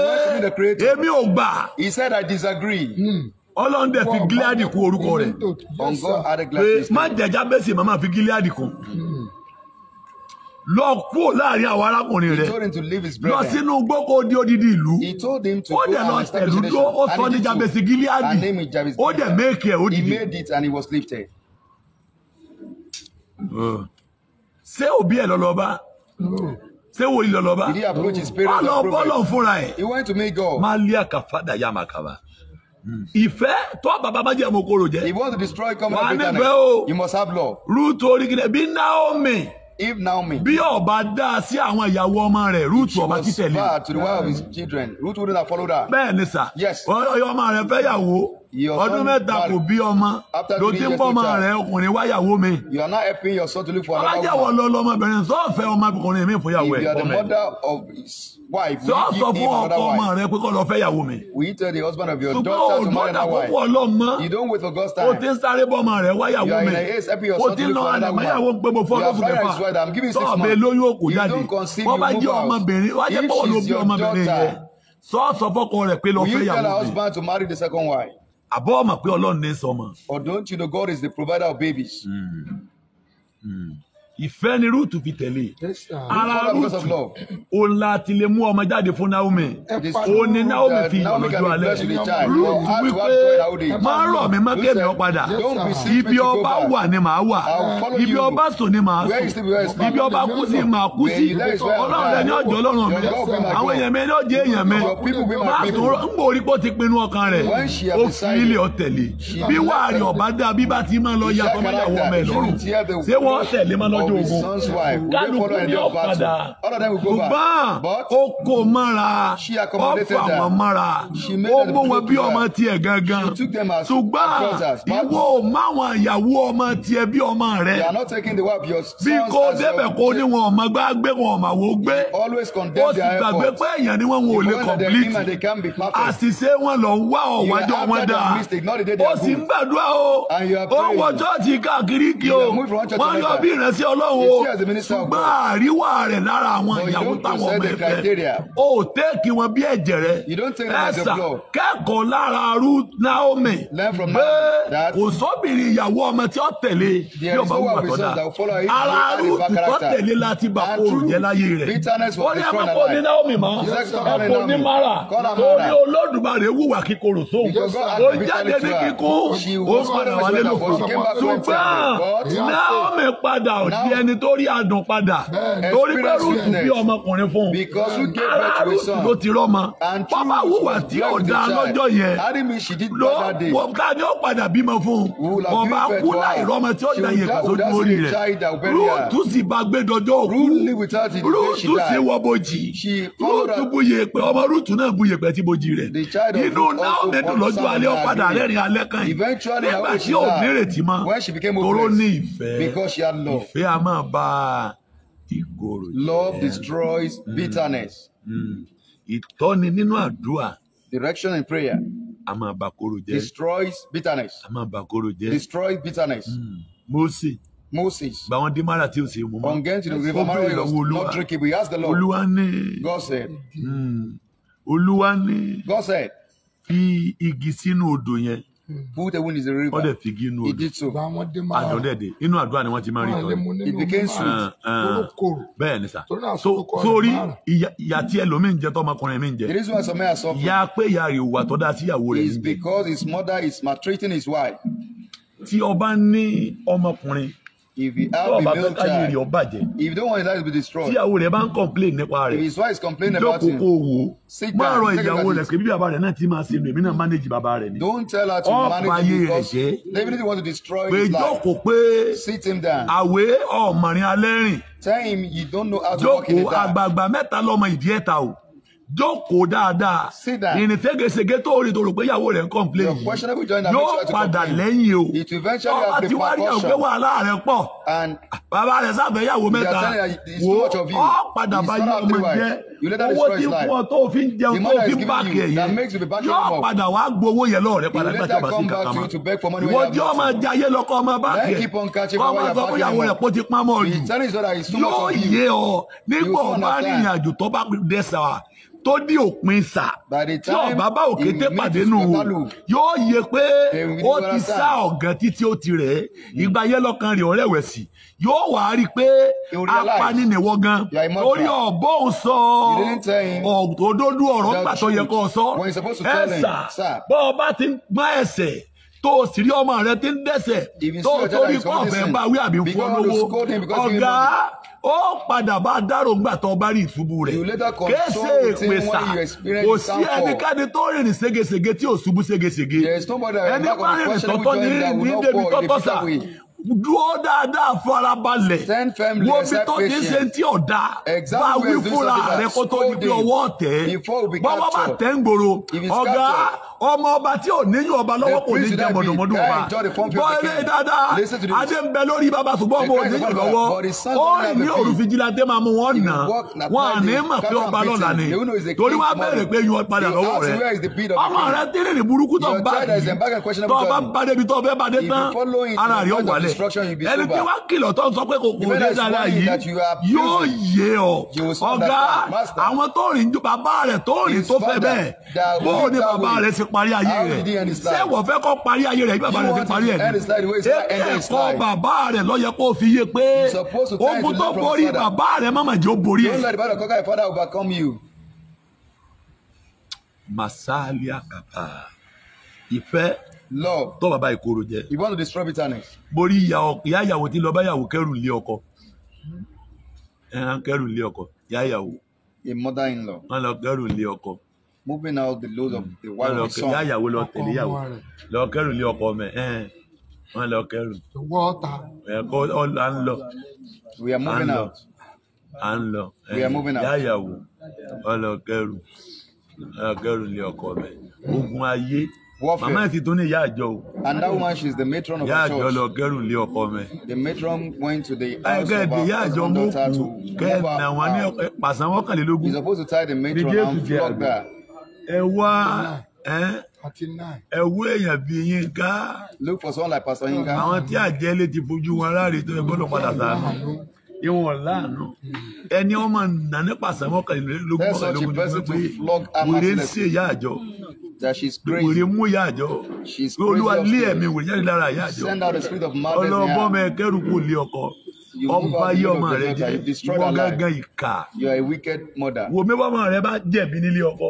èmi ò gbà. He said I disagree. Mm ọlọ́run dẹ̀ fi gíláàdì kún orúkọ rẹ̀ uh, pé má jẹ̀já bẹ́sì màmá fi gíláàdì kún hmm. lọ kúrò láàrin àwọn arákùnrin rẹ̀ lọ sínú gbókò di odidi ìlú ó dẹ̀ lọ tẹ̀lú tó ó sọ ní jabesi gíláàdì ó dẹ̀ mẹ́kẹ̀ ó dìde. ṣé òbí ẹ̀ lọ́lọ́ bá ṣé wòlíì lọ́lọ́ bá ọlọ́ bọ́lọ̀ fúnra ẹ̀ máa lé àkàfàdà yá màkàbà. Mm. ìfẹ́ tó bàbá bá jẹ́ mokoro jẹ́. if you want to destroy common bitterness you, you must have love. ruth origine bí naomi. if naomi. bí ọba dá sí àwọn ìyàwó ọmọ rẹ̀ ruth ọba títẹ̀lé. she was far to the wife of his children ruth wouldn't have followed her. bẹ́ẹ̀ ni sà. yes. ọyọ ọmọ rẹ̀ fẹ́ yàwó ọdún mẹ́ta kò bí ọmọ ló ti ń bọ́ ọmọ rẹ̀ ọkùnrin wáyàwó mi. you are not helping your son to look for another woman. alájàwọ̀ lọ lọmọbìnrin sọ́ọ̀fẹ́ ọmọkùnrin mi fún yàwó ẹ̀. if you are the mother of wife. Sọ sọ fún ọkọ ọmọ rẹ pé kó lọ fẹ́ ìyàwó mi. Will you tell the husband of your so daughter to marry another wife? Ṣùgbọ́n òdòdó àkókò ọlọ́mọ. You don't wait for God's time. O ti ń sáré bọ́ ọmọ rẹ wá ìyàwó mi. You are in a haste helping your son to look for another woman. O ti ń lọ àdàmọ́yàwó ń pé mo fọ́ lóṣù kẹfà. Sọ ọ̀bẹ lóyún òkú jáde. Wọ́n bá jẹ́ ọmọbìnrin, wọ́n á jẹ́ pọ̀ ló bí ọmọbìnrin yẹn. Sọ sọ fọ́kọ rẹ̀ pé lọ fẹ́ ìyàwó mi. Àbọ̀ ọmọ pé Ọlọ́run ní sọmọ. Or don't you know God is the provider of babies? Mm. Mm ìfẹ́ ni rúùtù fi tẹ̀lé ara rúùtù òun la ti lè mú ọmọ jáde fún Naomi òun ni Naomi fi ìyànlọ́jọ́ alẹ́ rúùtù wípé máa rọ̀ mí má kébì ọ padà ibi ọba wà ni màá wà ibi ọba sùn ni màá sùn ibi ọba kú sí màá kú sí ọlọ́run rẹ ní ọjọ́ ọlọ́run mi àwọn èèyàn mi ní ọjọ́ èèyàn mi máa tó ń gbòòrí pé ó ti pinnu ọkàn rẹ̀ ó fi ilé ọ bí wàá rí ọba dá bí bá ti máa lọ yàtọ̀ ọmọ lójú ogun kálukú ní ọ̀padà ṣùgbọ́n ó kó mọ́ra ó fà wọ́n mọ́ra ó mú wọn bí ọmọ tiẹ̀ gangan ṣùgbọ́n ìwọ ò má wọn ìyàwó ọmọ tiẹ̀ bí ọmọ rẹ bí kò débẹ̀ kó ní wọn ọmọ gbá gbé wọn ọmọ wo gbé ó sì gbàgbé pé èèyàn ni wọn ò lè complete àṣìṣe wọn lọ ń wá ọ̀wájọ́ wọn dáa ó sì ń gbàdúrà o ó wọ chọ́ọ̀chì káàkiri kí o wọ́n yọ bí ìrẹsì ọlọ́run o ṣùgbọ́n àríwá rẹ̀ lára àwọn ìyàwó táwọn ọmọ ẹ̀fẹ́ o ò tẹ́ẹ̀kì wọn bí ẹ̀jẹ̀ rẹ ẹ̀sà kẹ́kọ̀ọ́ lára Ruth Naomi pé kò sóbìnrin ìyàwó ọmọ tí ó tẹ̀lé bí ọba wù àtọ́dá ara Ruth tó tẹ̀lé láti bà kó olùjẹ́ láyé rẹ̀ ó ní ẹ̀ma kó ní Naomi mọ́ ẹ̀kọ́ ní Mara torí Olódùmarè wùwà kíkorò sóhun ó jáde ní kíkún ó padà wálé lóko ṣùgbọ́n Naomi padà ọ̀dà dàbí ẹni tó rí àdùn padà torí pé rúùtù bí ọmọkùnrin fún un ara rúùtù ló ti rọ́mọ pápá wùwà tí ò da lọ́jọ́ yẹn ló ká ní ó padà bímọ fún un wọ́n kú láì rọ́mọ tí ó da sójú orí rẹ̀ rúùtù sì bá gbé dọjọ́ òkú rúùtù sì wọ bojì rúùtù bu yèèpẹ̀ ọmọ rúùtù náà bu yèèpẹ̀ tí bojì rẹ̀ inú náà mẹ́tò lọ́jọ́ alẹ́ ó padà rẹ́rìn alẹ́ kan yìí nígbà tí ò nírètí mọ́ toró ní ìfẹ́ ìfẹ́ love destroys mm. bitterness. Mm. ìtọ́ni nínú àdúrà. direction in prayer. a máa bá korò jẹ́. destroys bitterness. a máa bá korò jẹ́. destroys bitterness. Mm. Mósè. Moses. Gba wọn dé mara tí o ṣe mú mọ́. On to the river Mara was not drinking, we asked the Lord. Olúwa ní. God said. Olúwa ní. God said. Fi igi sínú odò yẹn. Hmm. Who the wind is the river. He did so. Àjọ dẹ̀ dé. Inú àdúrà ni wọ́n ti máa rí ìtọ́jú. It became sweet. Ah, ah. Bẹ́ẹ̀ ni sà. Sórí ìyá tí ẹlòmíì ń jẹ tọmọkùnrin mi jẹ. The reason why some men are suffering. Ìyá pé ìyá rẹ̀ wà tó dá sí ìyàwó rẹ̀. It's because his mother is maltreating his wife. Tí ọba ní ọmọkùnrin if he have a male child if you don't want his life to be destroyed. tíyàwó rẹ̀ bá ń complain nípa rẹ̀. if his wife is complaining about him. jókòó wo máa rọ ìyàwó rẹ̀ pé bí bàbá rẹ̀ náà ti máa ṣe lè mí don't tell her to manage him because definitely want to destroy his life. pé sit him down. àwé ọmọrin alẹ́rìn. tell him you don't know how to work in the dark jókòó dáadáa ìrìn ségesège tó rí tó rò pé ìyàwó rẹ̀ ń kọ́ńplé yìí yóò padà lẹ́yìn o ọba tí wàá rí àwọn pé wàhálà rẹ̀ pọ̀ bàbá rẹ̀ sábẹ́ ìyàwó mẹ́ta wò ó padà bá yí ọmọ jẹ́ owó tí fún ọ tó fi ń jẹun tó fi ń báàkì ẹ̀ yẹn yóò padà wàá gbowó yẹn lọ́ọ̀rẹ́ padà nígbà tí a bá sí kàkà ma ìwọ jẹ́ ọmọ ajé ayé lọ́kọ́ ọmọ báàkì ẹ̀ ọmọ sọ fún ìyàwó rẹ̀ kó ti pamọ́ jù yóò yé ọ nígbà ọmọ arìnrìn àjò tó bá dẹ́sà tó di òpin sà tí ọba bá òkété pàdé nù wò yóò yẹ pé ó ti sá ọ̀gàn títí ó ti rẹ̀ mm. ìgbà yẹn lọ́kàn rẹ̀ ọ̀rẹ́wẹ̀sì yóò wá rí i pé apani nìwọ gan lórí ọ̀bọ̀ ò sọ òdodo ọ̀rọ̀ pàtó yẹ kó sọ ẹ̀ sà bọ́ ọba ti gbọ́n ẹsẹ̀ tó o sì rí ọmọ rẹ tí ń dẹ́ṣẹ̀ tó o torí kó ọ̀fẹ́ bá wí àbí fún olówó ọ̀gá ó padà bá dárò ńgbà tó o bá rí ìṣubú rẹ̀ kéèsè ìpèsà kò sí ẹnikẹ́ni tó rìnrìn ségesège tí ò ṣubú ségesège ẹni bá rìnrìn tọ́tọ́ ní débi tọ́tọ́ sà dúró dáadáa farabalẹ̀ wo bí tó ti ṣe tí ọ̀dà bá wí fúnra rẹ kó tó ní bí ọwọ́ tẹ̀ bọ́wọ́ bá tẹ̀ ń gbòòrò ọ̀gá ọmọ ọba tí ò níyàn ọba lọ́wọ́ kò ní jẹ́ mọ̀dọ̀mọ́dọ̀ ọba bọ́ eré dáadáa adé ń bẹ lórí bàbá ṣùgbọ́n ọmọ òníyàn lọ́wọ́ ó rìn ní òru fìjìláńtẹ́ máa mú wọn nà wọn à ní mà pé ọba lọ́la ni torí wọn bẹ̀rẹ̀ pé yọ padà lọ́wọ́ rẹ ọmọ rẹ tẹ́lẹ̀ ní burúkú tó ń bá yìí tó ọba ń bá débi tó ọbẹ̀ bá dé tán ara rẹ̀ ọ̀ wálẹ̀ instruction you be sober. ẹni tí wọ́n kìlọ̀ tó ń sọ pé kòkòrò ní dáadáa yìí yóò yé ọ ọ̀gá àwọn tó rìn ju bàbá rẹ̀ tó rìn tó fẹ́ bẹ́ẹ̀ bó ni bàbá rẹ̀ ti parí ayé rẹ̀ ṣé wọ́n fẹ́ kọ́ parí ayé rẹ̀ bí bàbá rẹ̀ ti parí ẹ̀ ní ẹ̀kọ́ bàbá rẹ̀ ló yẹ kó fi yé pé ogun tó borí bàbá rẹ̀ mọ̀mọ̀ jẹ́ ó borí ẹ̀. Masalia kaba ìfẹ́ love tó bàbá ìkorò jẹ. you want to destroy bitterness. borí ìyá ìyàwó tí lọ́ọ́ bá ìyàwó kẹrù lé ọkọ ẹran kẹrù lé ọkọ ìyá ìyàwó. a mother in law. wọn lọ kẹrù lé ọkọ. moving out the load of the wife and son. ìyá ìyàwó lọ tẹ̀lé ìyàwó lọ kẹrù lé ọkọ mẹ wọn lọ kẹrù. wọ́ọ̀ta. ẹ̀kọ́ ọ̀la ń lọ. we are moving out. à ń lọ. we are moving out. ìyá ìyàwó wọn lọ kẹrù lọ kẹrù lé ọkọ mẹ ogun ayé warfare. Màmá ti tún ní ìyá àjọ o. And that woman she is the matron of the church. Ìyá àjọ lọ kẹrù lé ọkọ mi. The matron went to the house of her husband daughter to move her out. Pàṣán mọ́kànlélógún. He's supposed to tie the matron and flog her. Ẹ wá ẹ èèyàn bí Yínká. Look for someone like Pastor Yínká. Àwọn tí àjẹ́ lè ti fojú wọn láre tó ẹ gbọ́dọ̀ padà sáà ìwọ̀n ọ̀làánú ẹni ọmọ nà nípasẹ̀ mọ́kànlélógún ọ̀lọ́gún pé wèrè ń ṣe ìyá àjọ mm. wèrè mú ìyá àjọ pé olúwa lé ẹ̀mí wèrè jáde lára ìyá àjọ ọlọ́bọ́ mẹ kẹ́rù kò lé ọkọ ọba yí ọmọ rẹ jẹ ìwọ gángan ìkà wo mẹ́fà ọmọ rẹ bá jẹ̀bi nílé ọkọ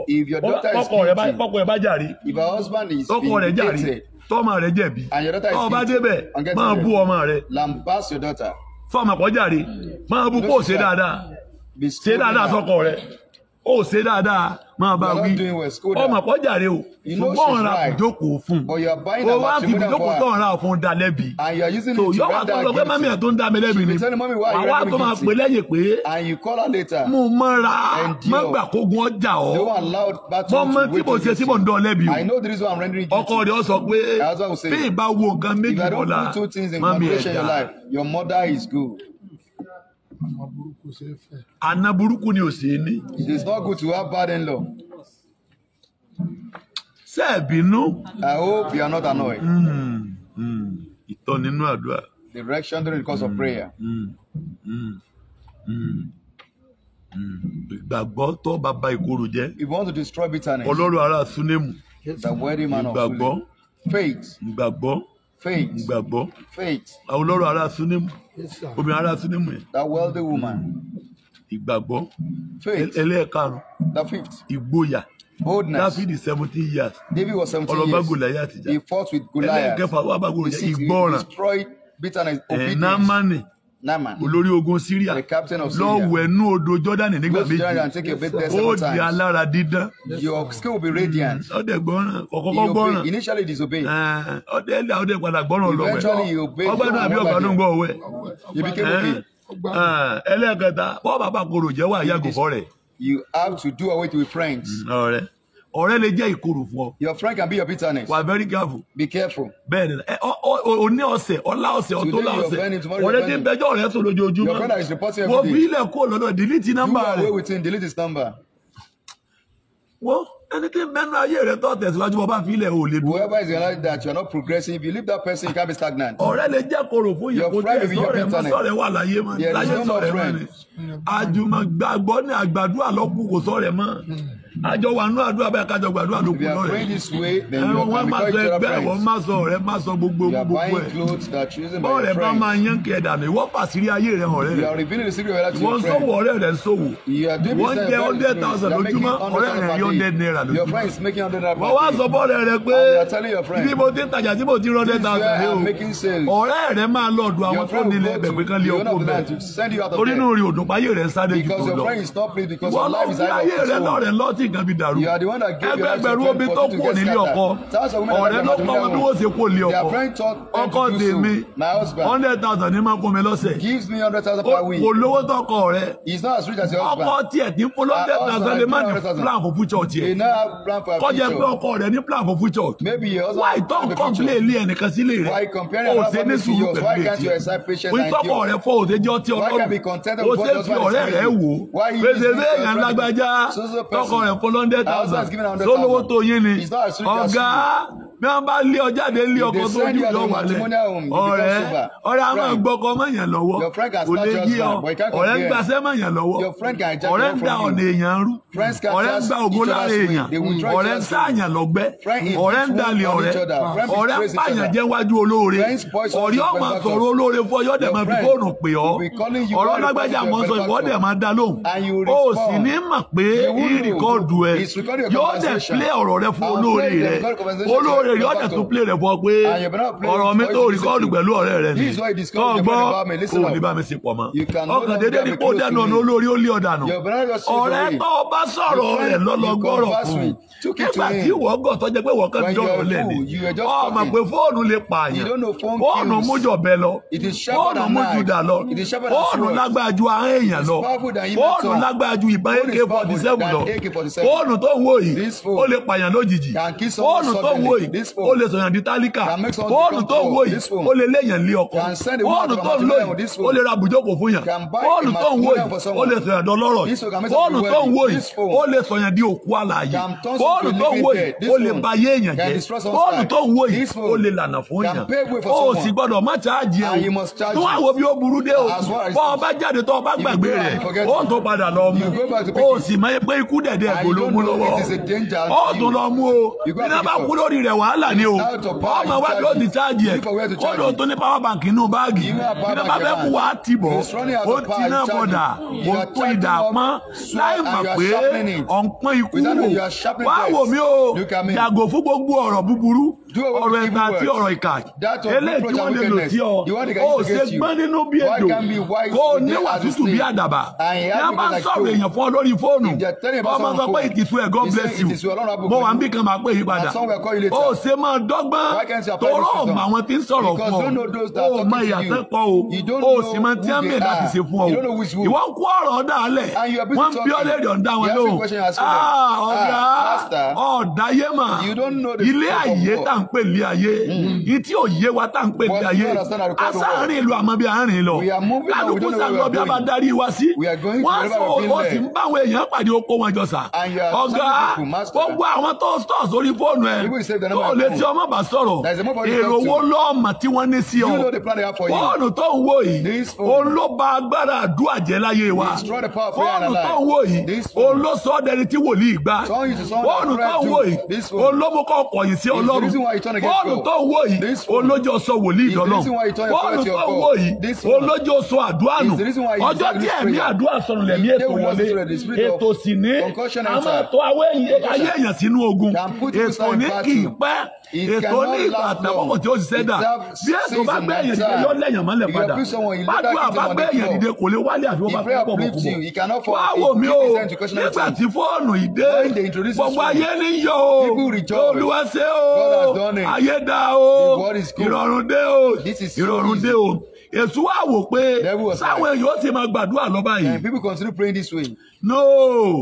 ọkọ rẹ bá jàre ọkọ rẹ jàre tọ́mọ rẹ jẹ̀bi ọba débẹ̀ máa bú ọmọ rẹ. lambas your daughter fọmọ kọjá rè máa bu kó ṣe dáadáa ṣe dáadáa sọkọ rẹ ó ṣe dáadáa máa bá wí ọmọ àpọ́jàre o ṣùgbọ́n ọ̀n ra ìjókòó fún o wá fi ìjókòó tó ọ̀n ra fún da lẹ́bi tó yọ wá tó lọ pé mami ẹ̀ tó ń dá mi lẹ́bi ni àwa tó máa pè lẹ́yìn pé mo mọ́ra mọ́gbà kógun ọjà ọ́ mọ́mọ́ tí mo ṣe sí mò ń dán lẹ́bi o ọkọ rẹ̀ ọ sọ pé bí ìbá wo nǹkan méjì mọ́lá mami ẹ̀ dá. Your mother is good. Ọmọ burúkú ṣe é fẹ́ àna burúkú ni ò sí ní. it is not good to have bad in-law. ṣé ẹ bínú. i hope you are not annoyed. Hmm, hmm. ìtọ́ nínú àdúrà. direction during the course of hmm, prayer. ìgbàgbọ́ tó bàbá ìkorò jẹ́. if you want to destroy bitterness. ọlọ́run ara sunemu. the worthy man of faith. ìgbàgbọ́. faith. ìgbàgbọ́. faith. ìgbàgbọ́. faith. àwọn ọlọ́run ara sunemu. obìnrin ara sunemu that wealthy woman. Mm ìgbàgbọ́ ẹlẹ́ẹ̀karùn ìgboyà boldness. Dáfídì seventeen years. David was seventeen years. Ọlọ́ba Goliath jà. He fought with Goliath. Ẹlẹ́kẹ̀fà wà bá Goliath jà. Ìgbọràn. He destroyed bitterness. Obedience. Ẹ̀nàmánì. Naman. Olórí ogun Syria. The captain of Syria. Lọ wẹ̀ odò Jordan nígbà méjì. Go to take your bed there seven times. Ó di alára dídán. Your skin will be radiant. Hmm. Ọdẹ gbọ́ràn. Ọ̀kọ́kọ́ gbọ́ràn. Initially disobeyed. Ọdẹ ọdẹ padà gbọ́ràn lọ Eventually he obeyed. Ọgbẹ́dùn àbí ọ̀gbádùn gbọ́ wẹ̀. You became obey. Ah, ẹlẹ́ẹ̀kẹta bọ́ bàbá koro jẹ́ wà yàgò fọ́rẹ̀. you have to do away with friends. Mm, ọ̀rẹ́ ọ̀rẹ́ lè jẹ́ ìkorò fún ọ. your friend can be your bitterness. wa very careful. be careful. bẹ́ẹ̀ni o ní ọ̀sẹ̀ ọlá ọ̀sẹ̀ ọ̀tọ́lá ọ̀sẹ̀ ọ̀rẹ́ tí ń bẹjọ́ ọ̀rẹ́ sọ lójoojúmọ́. your brother is reporting every day. wo bí ilẹ̀ kó lọ́dọ̀ delete number You do away with him delete his number. wọ́n anything mẹ́nu ayé rẹ tó tẹ̀síwájú bọ́ bá fi ilẹ̀ ò dùn. whoever is allowing that you are not progressing if you leave that person you can be stagnant. ọ̀rẹ́ lè jẹ́ koro fún yìí kó jẹ́ sọ̀rẹ́ mọ́ sọ̀rẹ́ wà láyé mọ́ láyé sọ̀rẹ́ mọ́ ni àjùmọ̀ gbàgbọ́ ni àgbàdua lọ́kù kò sọ̀rẹ́ mọ́ àjọ wà nínú àdúrà bẹ́ẹ̀ kájọ gbàdúrà ló kù náà rẹ̀ ẹ̀rọ wọn má sọ ẹgbẹ́ ẹ̀wọ̀n má sọ ọ̀rẹ́ má sọ gbogbo gbogbo ẹ̀ bọ́ọ̀ rẹ̀ bá máa yán kí ẹ dànù ìwọ pàṣírí ayé rẹ̀ hàn rẹ̀ wọ́n sọ̀wọ́ ọ̀rẹ́ rẹ̀ sòwò wọ́n jẹ́ hundred thousand lójúmọ́ ọ̀rẹ́ rẹ̀ rí hundred naira lójúmọ́ wọ́n wá sọ bọ́ọ̀rẹ́ rẹ̀ pé ibi mo ti ń tajà tí mo ti hundred thousand rẹ̀ o ọ̀rẹ́ rẹ̀ máa lọ́ọ̀dù àwọn tó nílé ẹgbẹ̀ pé kán lé ọkọ̀ bẹ́ẹ̀ torí inú rí òdùnpáyé rẹ̀ sáré jù tó lọ wọ́n lọ́ọ̀ fi ayé rẹ̀ lọ́ọ̀rẹ́ lọ́ọ̀tì nǹkan fi dàrú ẹgbẹgbẹ̀rún omi tó kù nílé ọkọ ọ̀rẹ́ ló kọ́ wọn bí wọ́n ṣe kó lé ọkọ ọkọ tèmi hundred thousand ní máa kún mi lọ́sẹ̀ kò lówó tọkọ rẹ ọkọ tiẹ̀ ní fún hundred thousand lè má ní plan for future tiẹ̀ kọjá pé ọkọ rẹ ní plan for future why don complain ilé ẹnìkan sílé rẹ o ṣe ní sùúrù pẹ̀lú ètí o tọkọ rẹ fọ òde jọ ti Ọlọ́run o ṣe fi ọ̀rẹ́ rẹ wò pèsè bẹ́ẹ̀ yàn lágbájá tọkọ rẹ kan lọ́ndẹ̀ thousand sólówó tó yín ni ọ̀gá bí wọ́n lé ọ jáde lé ọkọ tó jù lọ wà lẹ̀ ọ̀rẹ́ ọ̀rẹ́ a máa gbọ́kọ mọ̀yàn lọ́wọ́ kò lè yí ọ ọ̀rẹ́ ń gbàṣẹ́ mọ̀yàn lọ́wọ́ ọ̀rẹ́ ń da ọ̀nà èèyàn rú ọ̀rẹ́ ń gba ògo lára èèyàn ọ̀rẹ́ ń sáàyàn lọ́gbẹ́ ọ̀rẹ́ ń dalẹ̀ ọ̀rẹ́ rẹ rẹ̀ yóò dẹ̀ tún play rẹ̀ fọ pé ah, ọ̀rọ̀ mi tó rìkọ́ọ̀dù pẹ̀lú ọ̀rẹ́ rẹ̀ ni tó gbọ́ kò ní bá mi sì pọ̀ mọ́ ọkàn dédé ní kó dẹnu ọ̀nà olórí ó lé ọ̀dànù ọ̀rẹ́ tó bá sọ̀rọ̀ rẹ̀ lọ́lọ́gọ́rọ̀ fún nígbà tí ìwọ gọ̀ tó jẹ́ pé ìwọ kan jọ̀rọ̀ lẹ̀ ni ọmọ pé fóònù lè pààyàn fóònù mújọ bẹ lọ fóònù mújùdà lọ fóònù lágbára ju ahọ́n èèyàn lọ fóònù lágbára ju ìbọn AK47 lọ fóònù tó ń wò yìí ó lè pààyàn lójijì fóònù tó ó lè sọ̀yàn di tálíkà fóònù tó ń wò yìí ó lè léèyàn lé ọkọ fóònù tó ń lò yìí ó lè ra bùjókòó fún yàn fóònù tó ń wò yìí ó lè sọ̀yàn dọlọ́rọ̀ fóònù tó ń wò yìí ó lè sọ̀yàn di òkú alààyè fóònù tó ń wò yìí ó lè ba yéèyàn jẹ́ fóònù tó ń wò yìí ó lè lànà fún yàn ó sì gbọ́dọ̀ má ṣáàjì ẹ̀ o tí wọ́n àwọn bí ó burú dé o bọ́ ọ bá jáde tó o bá gbàgbé rẹ̀ ó tó padà lọ mú o sì mọ̀ pé ikú dẹ̀dẹ̀ ẹ̀gbọ́n ló mú lọ́wọ́ ó tún lọ mú o iná bá kú lórí rẹ̀ wá wàhálà ni o ọmọ wájú ó di chaajì ẹ ó lò tó ní power bank inú báàgì iná bá fẹ́ mú wa ti bọ̀ ó ti náà bọ̀dà ó tún ìdá pọ́n láì mọ̀ pé ọ̀npọ̀n ikú wò wá wò mí o yàgò fún gbogbo ọ̀rọ̀ búburú ọ̀rọ̀ ẹ̀gbà àti ọ̀rọ̀ ìkà eléyìí tí wọ́n lè lò sí ọ ó ṣe gbọ́n nínú bí èdò kó o níwà tútù bí àdàbà ní a bá ń sọ̀rọ̀ èèyàn fún ọ lórí fóònù kó o máa sọ pé ìtìsú ẹ̀ God bless you mo wà ń bí kan máa pè yí padà ó ṣe máa dọ́gbọ́n tọrọ ọmọ àwọn tí ń sọ̀rọ̀ fún ọ ó mọ ìyàtọ̀ pọ̀ o ó sì máa tí a mè láti ṣe fún ọ ìwọ ń kó ọ̀rọ̀ ọ̀dà alẹ̀ wọ́n ń bí ọlẹ́dẹ̀ ọ̀dà wọn lóhùn ọ̀dà ọ̀dà yé mà ń pè lé ayé yìí hmm. tí ò yé wa tá ń pè lé ayé asáàrin ìlú àmọ́ bí àárín lọ kálukú sàgbọ́ bí a bá darí wa sí wọ́n sọ o sì ń bá àwọn èèyàn pàdé oko wọn jọ sà ọ̀gá gbogbo àwọn tó stọ̀ sórí fóònù ẹ tó lè ti ọmọ bá sọ̀rọ̀ èrò wo lọ́ọ̀mà tí wọ́n ní sí ọ fóònù tó ń wò yìí òun agbára àdúrà jẹ́ láyé wa fóònù tó ń wò yìí òun ló tí wòlíì gbà fóònù tó ń wò yìí òun ọ̀pọ̀ yìí sí ọlọ́run Paul tó wò yìí olójó sọ wòlíì dọ́nà Paul tó wò yìí olójó sọ àdúrà nù ọjọ́ tí ẹ̀mí àdúrà sọnù lẹ̀mí ètò wọlé ètò sì ní àmọ́ tó ayé èèyàn sínú ogun ètò ní kì í pẹ́ ètò ní ìgbà àtàwọn tí ó ṣiṣẹ́ dà bí ẹ̀sùn bá gbé èyàn dìde yóò lẹ́yìn mọ́lẹ̀ padà bàdúrà bá gbé èyàn dìde kò lè wálé àti wọ́n bá fi pọ̀ mọ́kùnmọ́ báwo mi o nígbà tí fóònù ìdè gbogbo ayé ní yọ o olúwa ṣe o ayé dá o ìrọ̀rùn dé o ìrọ̀rùn dé o. Èṣù wá wò pé sáwọn èèyàn ó ti máa gbàdúrà lọ báyìí. And eh, people continue praying this way. No,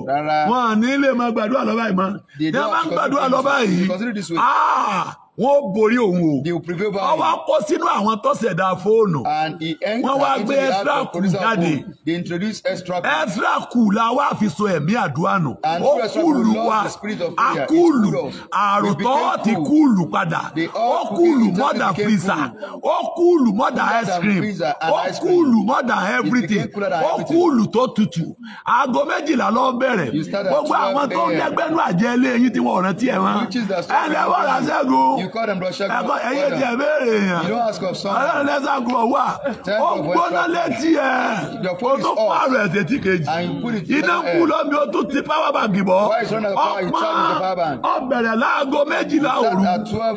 rárá wọn à ní lè máa gbàdúrà lọ báyìí mọ́. Ní a máa ń gbàdúrà lọ báyìí. Continue this way. Ah! wọ́n ó borí òun o. they will prevail by him. wọ́n wá kó sínú àwọn tó ṣẹ̀dá fóònù. and he entered wọ́n wá gbé Ezra kù jáde. they introduced Ezra. Ezra kù la wá fi so ẹ̀mí àdúrà nù. ó kùlù wa a kùlù àròtọ́ ti kùlù padà. ó kùlù mọ́dà fìsà. ó kùlù mọ́dà ice cream. ó kùlù mọ́dà everything. ó kùlù tó tutù. aago méjìlá ló bẹ̀rẹ̀. gbogbo àwọn tó ń dẹ́gbẹ́nu àjẹ́ ilé yín tí wọ́n rántí ẹ̀ wọ́n. ẹ̀ lẹ́wọ́n ra ṣẹ́gun call them Russian You don't ask of someone. Ọlọ́run lẹ́sà gbọ̀ wá. Ó gbóná létí ẹ̀. O tó pààrọ̀ ẹ̀sẹ̀ tí kejì. Iná ń kú lọ́mi o tún ti power bank bọ̀. Ọ̀pá ọ̀bẹ̀rẹ̀ láago méjìlá òru.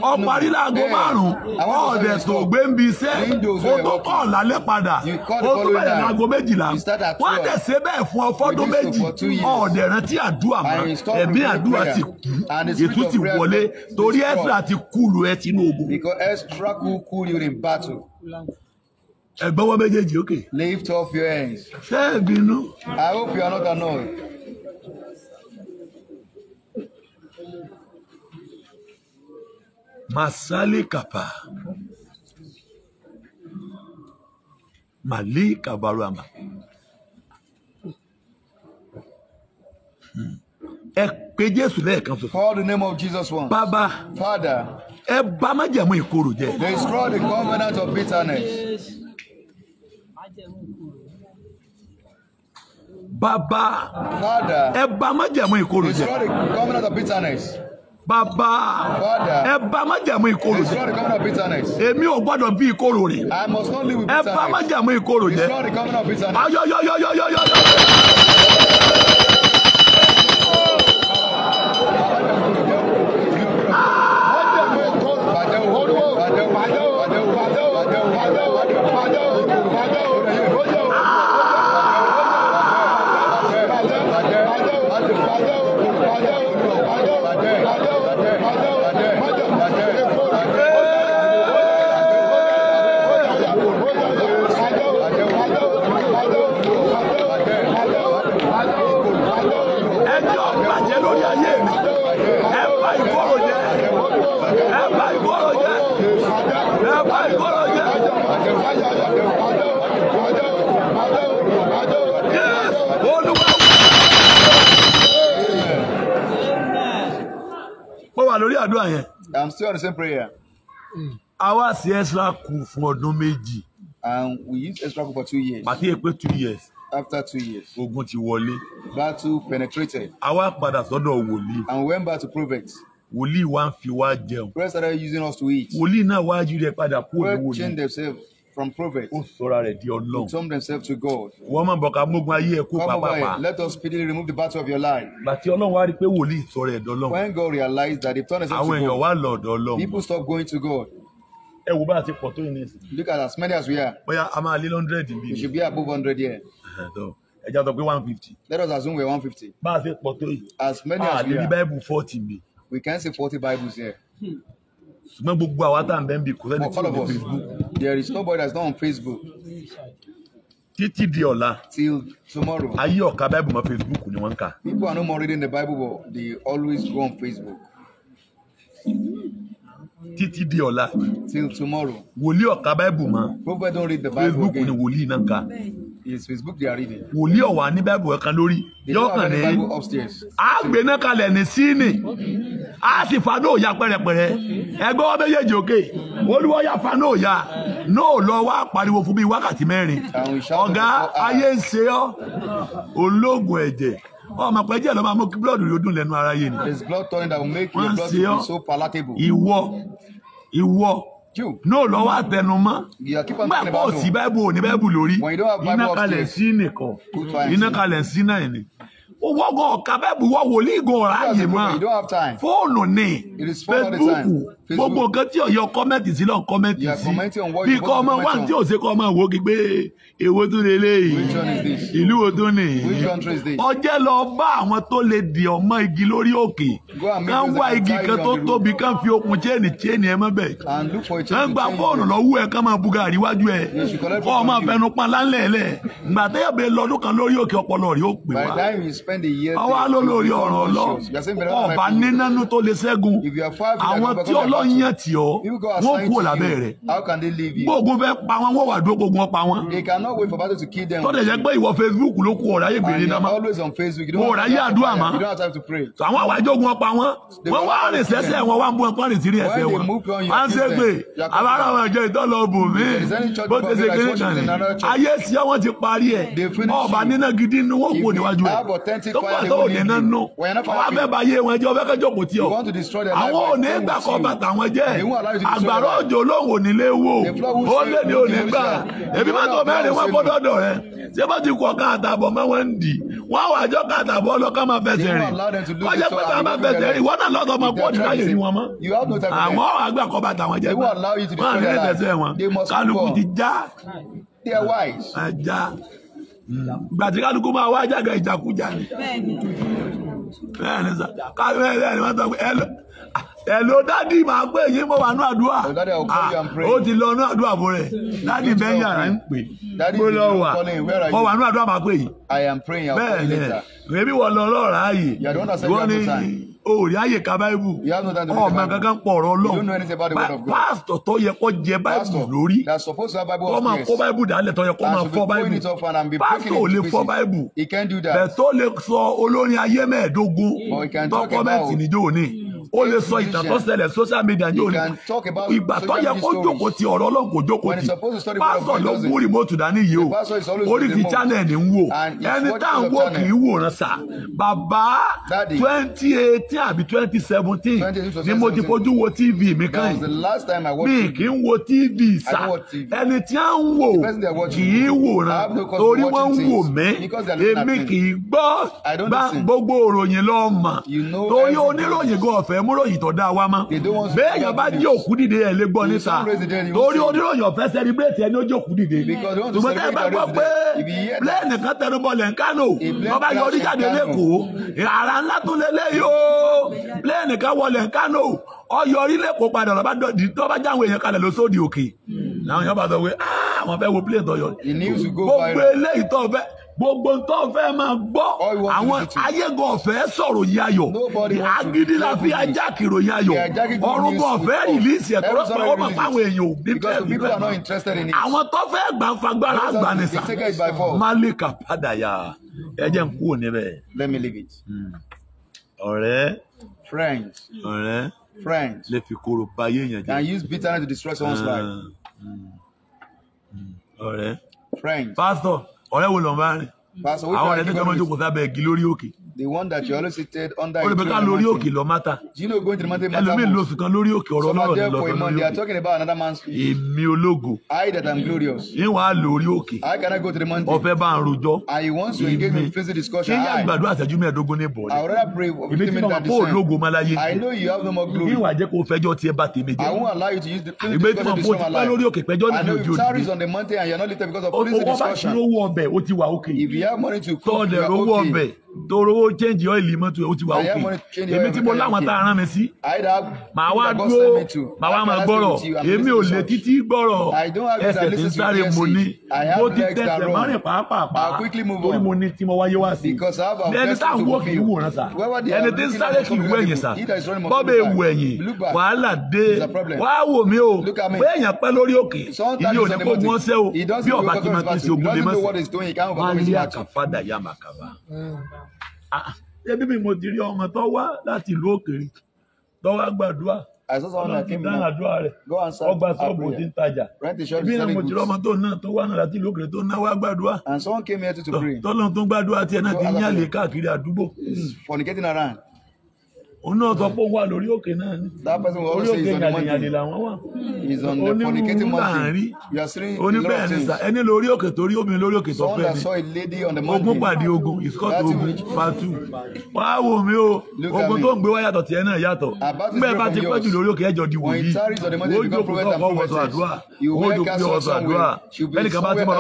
Ọ̀parí láago márùn-ún. Ọ̀dẹ̀ tó gbé ń bi iṣẹ́. O tó kọ̀ lálẹ́ padà. O tó bẹ̀rẹ̀ láago méjìlá. Wọ́n dẹ̀ ṣe bẹ́ẹ̀ fún ọfọ́dún méjì. Ọ̀dẹ̀ rántí àdúrà mọ́. Ẹ̀mí àdúrà ti kú. Ètú ti wọlé. Torí Ezra ti kú kúlù ẹ ti inú ogun. because extra cool cool you in battle. ẹgbẹ́wọ́ méjèèjì okay. lift off your hands. ṣé ẹ bínú. I hope you are not annoyed. Masali kapa. Mali kabaruama. Hmm. Ẹ pe Jésù lẹ́ẹ̀kan ṣoṣo. Call the name of Jesus one. Bàbá. Father ẹ bà májẹ̀mú ìkorò jẹ́. they destroy the government of bitterness. Bàbá ẹ bà májẹ̀mú ìkorò jẹ́. they destroy the government of bitterness. Bàbá ẹ bà májẹ̀mú ìkorò jẹ́. Èmi ò gbọ́dọ̀ bí ìkorò rẹ̀. ẹ bà májẹ̀mú ìkorò jẹ́. Ayọ̀yọ̀yọ̀yọ̀yọ̀yọ̀. àdúrà yẹn. I'm still on the same prayer. àwa hmm. sí extra kù fún ọdún méjì. and we used extra kù for two years. pàtí èpè two years. after two years. ogun ti wọlé. battle penetrated. àwa padà sọ́dọ̀ wòlíì. and we went back to prophet. wòlíì wa ń fi wá jẹun. prayer started using us to eat. wòlíì náà wá yí rẹ padà kúrò ní wòlíì. prayer changed themselves from prophets. ó sọra rẹ̀ di Ọlọ́run. turn themselves to God. wọ́n máa bọ̀ ká mógun ayé ẹ̀ kó pàápàá. let us speedily remove the battle of your life. bàtí Ọlọ́run wá rí i pé wòlíì sọra ẹ̀ dọ́lọ́run. when God realized that he turned himself to God. àwọn èèyàn wá lọ dọ́lọ́run. people stop going to God. ẹ wo bá a ti pọ̀ tó yìí nísìnyí. look at as many as we are. bóyá a máa lé hundred bí. we should be above hundred here. ẹja sọ pé one fifty. let us assume we are one fifty. bá a ti pọ̀ tó yìí. as many as we are. a lè ní báyìí forty mi. we can see forty bibles here. Hmm ṣùgbọ́n gbogbo àwa tá à ń bẹ́ ń bì kò sẹ́ni tí Facebook. there is nobody that's not on Facebook. títí di ọ̀la. till tomorrow. ayé ọ̀ka bible mọ́ Facebook ni wọ́n kà. people are no more reading the bible but they always go on Facebook. títí di ọ̀la. till tomorrow. wòlíì ọ̀ka bible mọ́. People don read the bible again. Facebook ni wòlíì náà kà his facebook they are reading. wòlíì ọ̀wà ní báìbù ẹ̀kan lórí yóò kàn ní àgbẹ̀nà kalẹ̀ ní síìnì a sì fa náà ya pẹ̀rẹ̀pẹ̀rẹ̀ ẹgbẹ́ wọn méjèèjì òkè olúwọ́ ya fa náà ya náà lọ wá pariwo fún bíi wákàtí mẹ́rin ọ̀gá ayé ń ṣe ọ́ ológun ẹ̀jẹ̀ ọmọ pẹ díẹ̀ lọ máa mú kí blood yóò dùn lẹ́nu ara yé ni. there is blood tonic that will make your blood to be so palatable. ìwọ ìwọ náà lọ wá tẹnu mọ́ nígbà pọ̀ sí báíbù ò ní báíbù lórí iná kalẹ̀ sí nìkan iná kalẹ̀ sí náà ni owó gan ọ̀ka bẹ́ẹ̀bù wọ wòlíì gan ọ̀rá yìí mọ́ fóònù ni facebook gbogbo nǹkan tí ọ̀yọ́ kọ́mẹ́ǹtì sí kọ́mẹ́ǹtì sí bí kọ́ ọmọ wá tí ò ṣe kọ́ ọmọ ìwò gbígbé èwo tó lè léyìí ìlú wo tó nì ọjẹ́ lọ bá àwọn tó lè dì ọmọ igi lórí òkè kán wá igi kan tó tóbi kán fi okùn chéènì chéènì ẹ mọ́bẹ̀ kán gba fóònù lọ́wọ́ ẹ kán máa bu gàrí ẹ kọ́ ọmọ fẹnu pan lánlẹ̀ẹ́lẹ̀ gbàtẹ́yàbẹ̀ lọ́dún kan lórí òkè ọpọlọ rẹ̀ ó pè wá spend a year. àwa ló lórí ọ̀ràn ọlọ́ ọba nínánú tó lè ṣẹ́gun àwọn tí ọlọ́run yàn tí ọ wọ́n kú làbẹ́ rẹ̀ gbógun fẹ́ pa wọn wọ́n wà dúró gbógun ọ pa wọn. tó lè jẹ́ pé ìwọ Facebook ló kú ọ̀rá yẹn gbèrè náà má ọ̀rá yẹn àdúrà má àwọn àwọn àjọgùn ọ pa wọn wọ́n wá rìn sẹ́sẹ́ wọn wá ń bú ẹ̀kọ́ rìn sírí ẹ̀sẹ̀ wọn wọ́n ṣe pé àbára wọn jẹ́ ìtọ́lọ bù mí bó ṣe ṣe kéré kan ní ayé sí ọ wọn ti parí ẹ ọba nínà gidi ni wọn kò níwájú ẹ dókítà tó ò ní náà nù wọ́n fẹ́ bá yé wọn jẹ́ ọ fẹ́ kẹ́ jókòó tí ọ àwọn ò ní gbà kọ́ bàtà wọn jẹ́ àgbàrá òjò lóhùn nílé wò ó lè ní ò ní gbà èmi mọ́tò mẹ́rin wọn bọ́ dọ́dọ̀ rẹ ṣé bá ti kọ̀ ká àtàbọ̀ mọ́ wọn ń dì wọ́n wà jọ ká àtàbọ̀ lọ ká máa fẹsẹ̀ rìn wọ́n jẹ́ pé máa fẹsẹ̀ rìn wọ́n náà lọ́dọ̀ máa pọ̀ nípa yèrè wọn mọ́ àwọn àgbà kọ́ bàtà wọn jẹ́ wọn àrílẹ̀ tẹ̀sẹ̀ wọn kálukú ti já ajá gbàtí kálukú máa wá jága ìjàkújà ni bẹ́ẹ̀ni sà káwé bẹ́ẹ̀ni wọn sọ pé ẹlò dádì máa pè yín mo wà ní àdúrà ah, ó ti lọ ní àdúrà mo dádì bẹ́ẹ̀ yàrá ń pè mo lọ wà mo wà ní àdúrà máa pè yín bẹ́ẹ̀ni èmi wọ̀ lọ lọ́ọ̀rọ̀ ààyè wọ́n ní o rí àyè ka báìbù ọmọ kankan pọ̀ ọ̀rọ̀ ọlọ́run pásítọ̀ tó yẹ kó jẹ báìbù lórí kó máa kó báìbù dálẹ̀ tó yẹ kó máa fọ́ báìbù pásítọ̀ ò lè fọ́ báìbù bẹ̀ tó lè sọ olórin ayé mẹ́ẹ̀ẹ́dógún tó kọ́mẹ́ǹtì níjó ní o lè sọ ìtàn tó ṣẹlẹ̀ social media ní òní ìgbà tó yẹ kó jókòó ti ọ̀rọ̀ ọlọ́run kò jókòó ti pásítọ̀ ló ń wú rìmọ́tù dání yìí o orí fi channel ní ń wò ẹni tá à ń wò kì í wòran sà bàbá twenty eighteen àbí twenty seventeen ni mo ti fojú wo tv mi kàn yìí mi kì í wo tv sà ẹni tí à ń wò kì í wòran torí wọ́n ń wò mí èmi kì í gbọ́ gbogbo òròyìn lọ́ọ́ mà torí oníròyìn gan ọ̀fẹ́ fẹ́ múròyìn tó dá wa mọ́ bẹ́ẹ̀ yẹn bá jí òkú dìde ẹ̀ lé gbọ́ níta torí oníròyìn ọ̀fẹ́ sẹ́líbrèétì ẹni ó jí òkú dìde ṣùgbọ́n ẹ bá gbọ́ pé plẹ́ẹ̀nì kan tẹnu bọlẹ̀ ń Kánò wọ́n yọ oríjáde lẹ́kọ̀ọ́ ara ńlá tún lélẹ́ yóò plẹ́ẹ̀nì kan wọlẹ̀ ń Kánò ọyọ orílẹ̀ èkó padà lọ́ba dọ̀dí tó bá jáwé yẹn kalẹ̀ lóṣòdì òkè làwọn yẹn bá sọ pé ah, àwọn fẹ́ wo plẹ́ẹ̀nì tó gbogbo eléyìí tó fẹ́ gbogbo tó fẹ́ máa gbọ́ àwọn ayégo ọ̀fẹ́ sọ̀rọ̀ yín ayọ̀ agídí la fi ajá kìrò yín ayọ̀ ọ̀rùnbọ̀ ọ̀fẹ́ rìlíìsì ẹ̀tọ́ lọ́pọ̀ ọmọ fáwọn èèyàn òbí bẹ́ẹ̀ bí bẹ́ẹ̀ àwọn tó fẹ́ gbà ń fagbára agbanisa malika padàyà ẹ jẹ́ n kú òní bẹ́ẹ̀. let me leave it. Hmm. ọ̀rẹ́. friends. ọ̀rẹ́. friends. lè fi koro ba yé èèyàn jẹ. and use bitterness to destroy someone's hmm. life. Hmm. ọ̀rẹ́. friends. pastor ọ̀rẹ́ wo lọ́n bá rìn àwọn ọ̀rẹ́ tó sábẹ́ igi lórí òkè the one that you always seated under a tree. lórí òkè lọ mátà. you know going to the mountain matter most. ẹlòmíì lóṣù kan lórí òkè ọ̀rọ̀ náà lọ́dọ̀ lórí òkè. they are talking about another man's feet. èmi ológo. I that am glorious. ní lórí òkè. I cannot go to the mountain. ọ̀fẹ́ bá ń rojọ́. I want to engage in physical discussion. ṣé yàrá ìgbàdo àṣẹjú mẹ́ẹ̀ẹ́dógún ní bọ̀ọ̀lì. I rather pray for fifteen minutes at the same. ológo malaye. I know you have no more glory. níwà jẹ́ kó fẹjọ́ tiẹ̀ bá tèmi jẹ́. I won't allow you to use the physical discussion to destroy my life. lórí òkè pẹjọ́ nínú on the mountain and you not little because of physical discussion. If you have money to cook, you are toro ó change ọ́ìlì mọ́tò ẹ̀ ó ti wà òkè èmi tí mo láwọn tá a rán mi sí màá wá dúró màá wá máa gbọ́rọ̀ èmi ò lè títí gbọ́rọ̀ ẹsẹ̀ tí ń sáré mo ní mo ti tẹsẹ̀ márùn pàápàá torí mo ní tí mo wáyé wá sí ẹni tá à ń wò kì í wòran sà ẹni tí ń sáré kì í wò ẹ̀yìn sà bọ́bẹ̀ ewu ẹ̀yìn wàhálà dé wá wò mí o pé èèyàn pẹ́ lórí òkè ìní ò ní kó wọ́n sẹ́ o bí ọ̀bà tí ma ti ṣe ogun lè mọ́ sí wọ́n á lé àkàfàdà yá màkàfà ẹbí mi mo ti rí ọmọ tó wá láti ìlú òkèèrè tó wá gbàdúrà ọlọ́dúnràdúrà rẹ̀ ọgbà sọ́ọ̀bù tí ń tajà ibi náà mo ti rí ọmọ tó náà tó wá náà láti ìlú òkèèrè tó náà wá gbàdúrà tọ́lọ́ tó ń gbàdúrà tiẹ̀ náà ti ń yàlè káàkiri àdúgbò. fornicating around òun náà sọ pé òun wà lórí òkè náà ni orí òkè yàdìyàdì làwọn wà onírúurú láàrin oníbẹ̀rẹ̀ ní sà ẹni lórí òkè torí obìnrin lórí òkè tó fẹ́ mi ogun pàdé ogun ìsọ́tò ogun fatu wà á wò mí o ogun tó ń gbé wá yàtọ̀ tiẹ̀ náà yàtọ̀ nígbà bá ti pẹ́ jù lórí òkè ẹjọ́ di wòlíì ó jókòó tó ọkọ̀ wọ̀sọ̀ àdúrà ó jókòó tó ọ̀sọ̀ àdúrà ẹnì kan bá ti mọ̀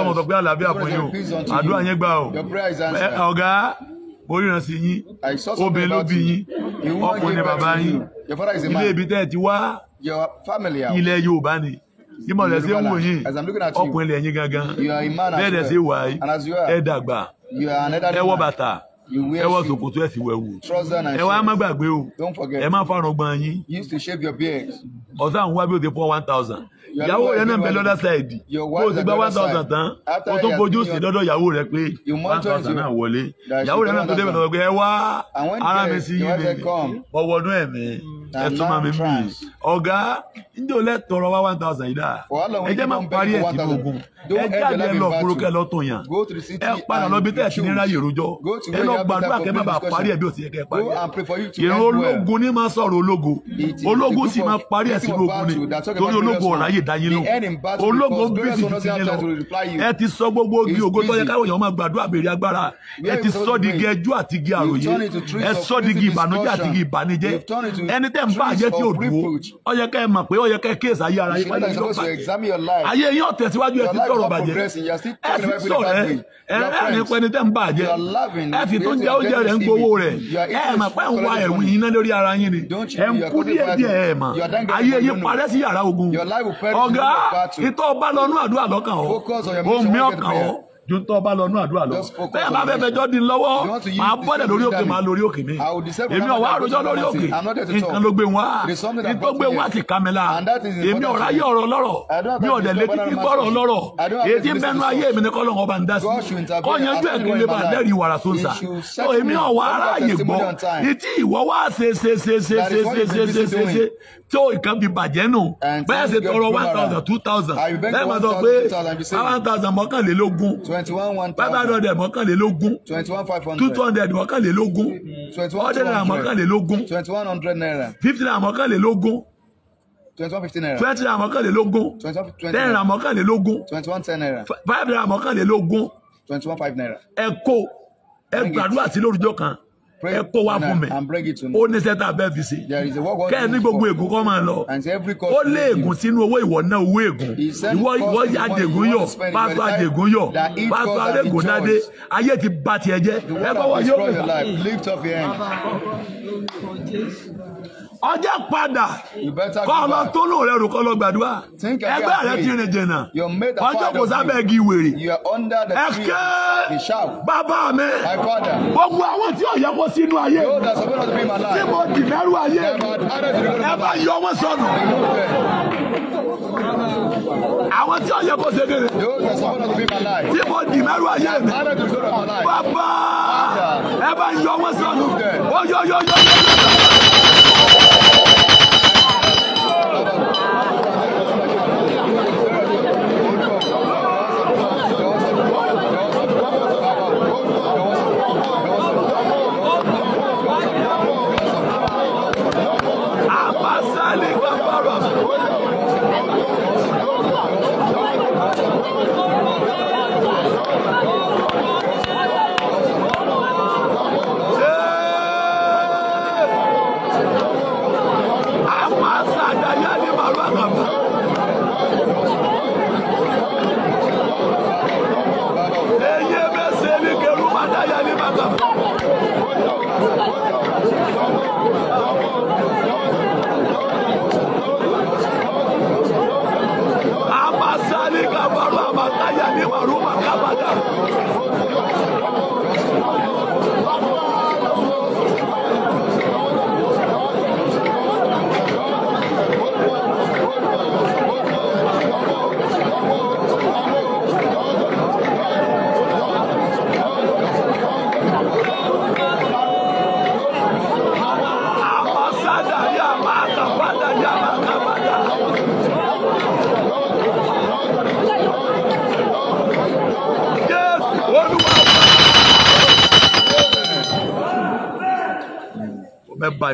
ọmọ ó ríran sí yín obìnrin ló bí yín ọkùnrin ni bàbá yín ilé ibi tẹ́ ẹ ti wá ilẹ̀ Yorùbá ni ìmọ̀ rẹ̀ ṣe ń wò yín ọkùnrin lẹ̀ yín gangan bẹ́ẹ̀ dẹ̀ ṣe wà yìí ẹ dàgbà ẹ wọ bàtà ẹ wọ ṣòkòtò ẹ sì wẹ̀wù ẹ wá má gbàgbé o ẹ má fárun gbọ̀n yín ọ̀sán àwọn wá bí ó ti pọ̀ one thousand ìyàwó rẹ náà bẹ lọ́dà sáìdì kó o ti gba one thousand tán o tún fojú sí lọ́dọ̀ ìyàwó rẹ pé one thousand náà wọlé ìyàwó rẹ náà tó débẹ̀ lọ́wọ́ pé ẹ wá ara mi sí yín bèbè ọwọ́ ọdún ẹ̀mí ẹ tún máa mi mú yìí ọ̀gá ndé olè tọrọ wá one thousand yìí dá ẹ jẹ́ máa parí ẹ̀ sí gbogbo ẹ jáde ẹ lọ kúrókẹ́ lọ́tún yàn ẹ padà lọ bí tẹ̀ sí ní ráyè rojọ́ ẹ lọ gbàdúrà kẹ́ má bàa parí ẹ̀ bí o ti yẹ kẹ́ parí ẹ̀ ìrìn ológun ní máa sọ̀rọ̀ ológun ológun sì máa parí ẹ̀ sí ológun ni torí ológun ọ̀ráyè dáyé lò ológo bísí ti yín lọ ẹ ti sọ gbogbo ogi ògo tó yẹ káwọn èèyàn máa gbàdúrà béèrè agbára ẹ ti sọ di igi ẹjọ́ àti igi àròyé ẹ sọ di igi ìbànújẹ́ àti ẹni tẹ́ ń bá àjẹ́ tí ò dúró ó yẹ ẹ mọ̀ pé ó yẹ ẹ kíyèsí ayé ara yín wáyé yín ló ayé yín ó ẹ ti sọ̀rọ̀ bàjẹ́ ẹ ti sọ̀rọ̀ ẹ ẹ rẹ́ nípa ẹni tẹ́ ń bá àjẹ́ ẹ sì tún jẹ oúnjẹ rẹ̀ ń gbowó rẹ̀ ẹ mọ̀ pé ń wa ẹ̀wìn iná lórí ara yín ni ẹ ń kú díẹ̀ díẹ̀ ẹ mọ̀ ayé yín parẹ́ sí yàrá ogun ọ̀gá ìtọ́ ọba lọ́nú àdúrà lọ́kàn ọ́ omi ọkàn ọ́ ju tọ́ bá lọ nú àdúrà lọ bẹ́ẹ̀ bá fẹ́ fẹjọ́ di lọ́wọ́ máa bọ́lẹ̀ lórí òkè máa lórí òkè mi èmi ọ̀wá àròjọ́ lórí òkè nǹkan ló gbé wá ìtọ́ gbé wá ti kà mí la èmi ọ̀rá yé ọ̀rọ̀ lọ́rọ̀ mi ò dẹ̀ létí kí gbọ́rọ̀ lọ́rọ̀ èyí mẹ́nu ayé mi ni kọ́lọ́ ọba ń dá sí kọ́ yanjú ẹ̀ kí lè bá lẹ́rìí wàrà tó ń sà tó èmi ọ̀wá aráàyè gbọ́ ìtì ìwọ́ wá ṣe ṣe ṣe ṣe ṣe ṣe ṣe ṣe tí ó ìkan fi bàjẹ́ nù bẹ́ẹ̀ ṣe tọrọ one thousand two thousand bẹ́ẹ̀ máa sọ pé one thousand mọ́kànlélógún five hundred mọ́kànlélógún two hundred mọ́kànlélógún hundred naira mọ́kànlélógún fifty naira mọ́kànlélógún twenty naira mọ́kànlélógún ten naira mọ́kànlélógún five naira mọ́kànlélógún ẹ̀kọ́ ẹgbàdúrà sí lórúkọ kan ẹ kó wá fún mi ó ní sẹ́tà bẹ́ẹ̀ fi ṣe kẹ́ ẹ ní gbogbo ègún kọ́ máa lọ ó lé ègún sínú owó ìwọ náà owó ègún ìwọ ìwọ àjègún yọ pásítọ̀ àjègún yọ pásítọ̀ àrègùn náde ayé ti bà tiẹ̀ jẹ́ ẹ kọ́ wọ́n yóò fi ọjọ́ padà kọ́lọ tó lò rẹ̀ rò kọ́lọ gbàdúrà ẹgbẹ́ rẹ̀ ti rìn jìnnà ọjọ́ kò sábẹ́ igi wèrè ẹ̀kẹ́ bàbá mi gbogbo àwọn tí ó yẹ kó sínú ayé tí mo dì mẹ́rù ayé ẹ bá yọ wọ́n sọnù àwọn tí ó yẹ kó ṣe kéde tí mo dì mẹ́rù ayé mi bàbá ẹ bá yọ wọ́n sọnù ó yọ yọ yọ yọ.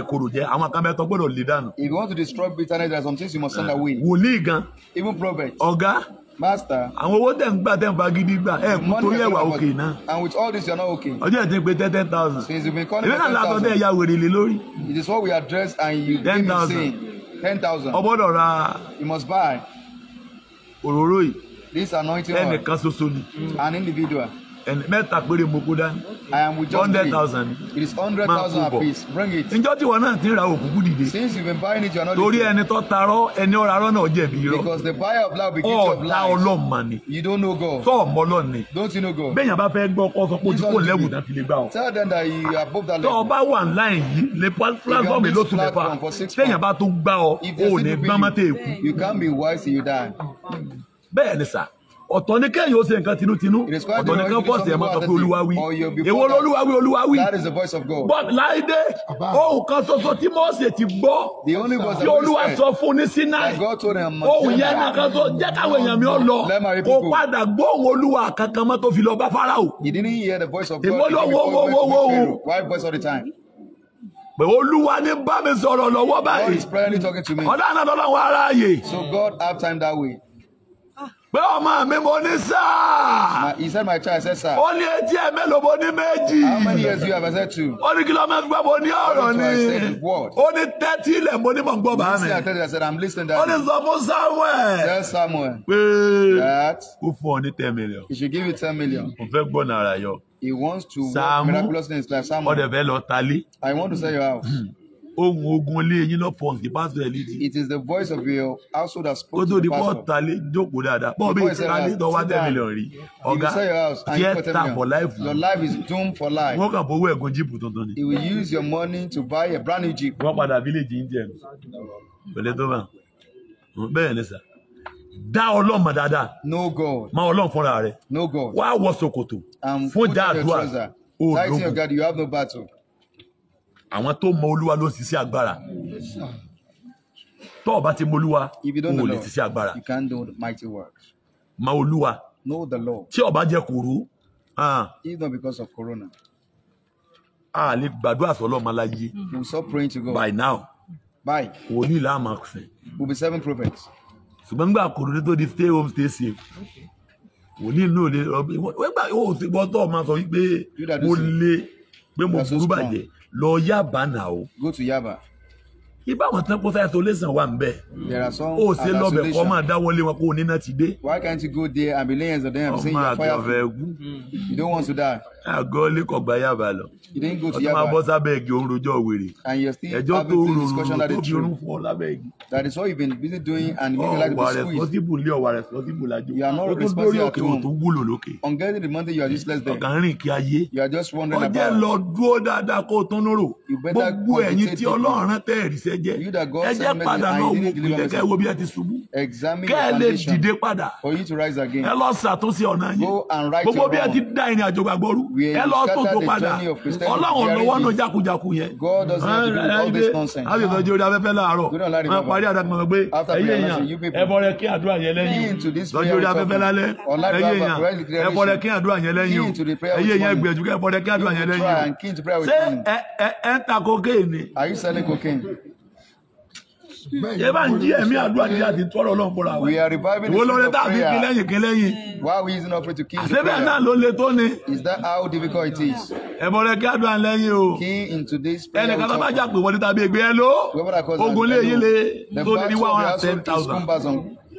korò jẹ àwọn kan bẹ tó gbọ́dọ̀ lè dànù. if you want to destroy bitterness there are some things you must send ah, away. wòlíì gan. even prophet. ọ̀gá. master. àwọn owó tẹ̀ ń gbà tẹ̀ ń fagídí gbà ẹ̀ kú torí ẹ̀wà òkè náà. and with all this you are not okay. ọjọ́ ìdí pé ten ten thousand. since you been calling for ten thousand. ìwé náà látọ̀ tẹ̀ wèrè lé lórí. it is what we address and you dey the same. ten thousand. o ra. you must buy. òróró yìí. this anointing oil. ẹnìkan ṣoṣo ni. an individual mẹ́ta péré mo kó dání. I am with just hundred thousand. It is hundred thousand apiece. Bring it. Njọ́ tí wọ́n náà ti ń ra òkùnkùn dìde. Since you been buying it, you are not. Torí ẹni tó tarọ́ ẹni ọ̀rọ̀ arọ́ náà jẹ̀bi irọ́. Because the buyer of love begins to lie. Ọ̀la ọlọ́mọ ni. You don't know God. Sọ ọmọ lọ ni. Don't you know God? Bẹ́ẹ̀ni àbá fẹ́ gbọ́ ọkọ sọ pé ojú kò lẹ́wù náà fi lè gbà ọ́. Tell them that you are above that level. Tọ́ ọba wà online yìí, lè platform mi tún lè fa. Bẹ́ẹ̀ni àbá tó gbá ọ, o gbámátẹ̀ èkú. You can be wise till you die. Bẹ́ẹ̀ni sà ọ̀tọ̀ ní kẹ́yìn ó ṣe nǹkan tinútinú ọ̀tọ̀ ní kan pọ̀sì ẹ̀ máa sọ pé olúwa wí èwo lolúwa wí olúwa wí but láìdé ohun kan ṣoṣo tí mọ́ọ̀sì ti gbọ́ tí olúwa sọ fún ní Sinai ohun yẹn náà kan tó jẹ́ káwọn èèyàn mi ó lọ kó padà gbóhùn olúwa kankan mọ́ tó fi lọ bá Fáráò èwo ló wo wo wo wo pé olúwa ní bá mi sọ̀rọ̀ lọ́wọ́ báyìí ọ̀dà náà lọ́lọ́wọ́ ara yè. So God have time that way pé ọmọ mi mo ní sáà. he said my child I said sir. ó ní etí ẹ mélòó mo ní méjì. how many years you have I said two. ó ní kìlómítà gbọ́ mo ní ọ̀rọ̀ ni. ó ní tẹ́tí ilẹ̀ mo ní mọ̀ ń gbọ́ bá mi. he said tẹ́tí I said I'm listening that. ó ní sọ fún Samuel. tell Samuel. pé that. ó fún ọ ní ten million. he should give you ten million. mo fẹ́ gbọ́ nàrà yọ. he wants to Samu, work miraculously in his life Samuel. ọ̀dẹ̀ fẹ́ lọ talé. I want to sell your house. Hmm ohun ogun ilé yín lọ pọ̀ ní pásítọ̀ ẹ̀ létí. it is the voice of your household that spoke to the pastor. kó tó di pọ́ọ̀tà lé jókòó dáadáa pọ́ọ̀ bí ìtura lé tọ́ wá ten million rí ọ̀gá jẹ́ tà for life. your life is doomed for life. wọ́n kàn fowó ẹ̀gùn jíìpù tuntun ni. he will use your money to buy a brand new jeep. wọ́n padà village india pẹ̀lẹ́ tó bá bẹ́ẹ̀ ni sà dá ọlọ́run mọ̀ dáadáa. no god. máa ọlọ́run fúnra rẹ̀. no god. wá wọ ṣòkòtò. and put on your trouser. tighten your you have no battle àwọn tó mọ olúwa ló ń ṣiṣẹ́ agbára tó o bá ti mọ olúwa o lè ṣiṣẹ́ agbára mọ olúwa tí o bá jẹ kúrú a lè gbàdúrà sọlọ́ ọmọ aláyé by now wòlíì láàmà sìn ṣùgbọ́n nígbà kòrò tó di stay home stay safe wòlíì náà lè rọ bí wọ́n gbà yóò ti gbọ́ tó o máa sọ wípé mo lé pé mo burú bàjẹ́ lọ Yaba now. go to Yaba. ibà àwọn tí wọn kó sáyẹn tó lẹsàn wà ń there are some oh, say lọbẹ kọ máa dáwọlé wọn kó o níná ti dé. why can't you go there and be laying on them and say you are fired. ọmọ àgbẹ̀ ọ̀fẹ́ you don't want to die àgọ́ lẹ́kọ̀ọ́ gba yàrá lọ. ọtí máa bọ́ sábẹ́ igi òun rojọ́ wèrè. ẹjọ́ tó rorò tó fi orun fún ọ lábẹ́ igi. that is all you been busy doing and you like to be squeezed. ọwà responsible lé ọwà responsible lájọ. you are not responsible at home. o wúlò lókè. on getting the money you are useless there. ọ̀gá ń rìn kí ayé. you are just wondering about. ọjẹ́ lọ dúró dáadáa kó o tán lóró. gbogbo ẹ̀yin tí ọlọ́run tẹ́ ẹ̀rí ẹ lọ tó tó padà ọlọ́run lọ́wọ́ náà jákujàku yẹn àbí ìfẹ́jọ́ orí afẹ́fẹ́ láàárọ̀ máa parí àdàkùn ọ̀gbẹ́ ẹ̀yẹ èèyàn ẹ̀bọ̀rẹ̀ kí àdúrà yẹn lẹ́yìn lọ́jọ́ orí afẹ́fẹ́ lálẹ́ ẹ̀yẹ èèyàn ẹ̀bọ̀rẹ̀ kí àdúrà yẹn lẹ́yìn ẹ̀yẹ èèyàn gbìyànjú kí ẹ̀bọ̀rẹ̀ kí àdúrà yẹn lẹ́yìn ṣé ẹ ẹ ń ta cocaine yẹ bá ń jí ẹ̀mí àdúrà ní àti tọrọ Ọlọ́run fúnra wa we are reviving the spirit of prayer ìwọ lórí tàbí kílẹ̀yìn kílẹ̀yìn why we using offering to keep the prayer àṣebẹ̀ náà ló le tó ni is that how difficult it is ẹ̀bọ̀n rẹ̀ kí àdúrà ń lẹ́yìn o key into this prayer ẹnì kan tó bá jà pé wọlé tàbí ẹgbẹ́ ẹ ló ogun lé yìí lé tó ní one hundred ten thousand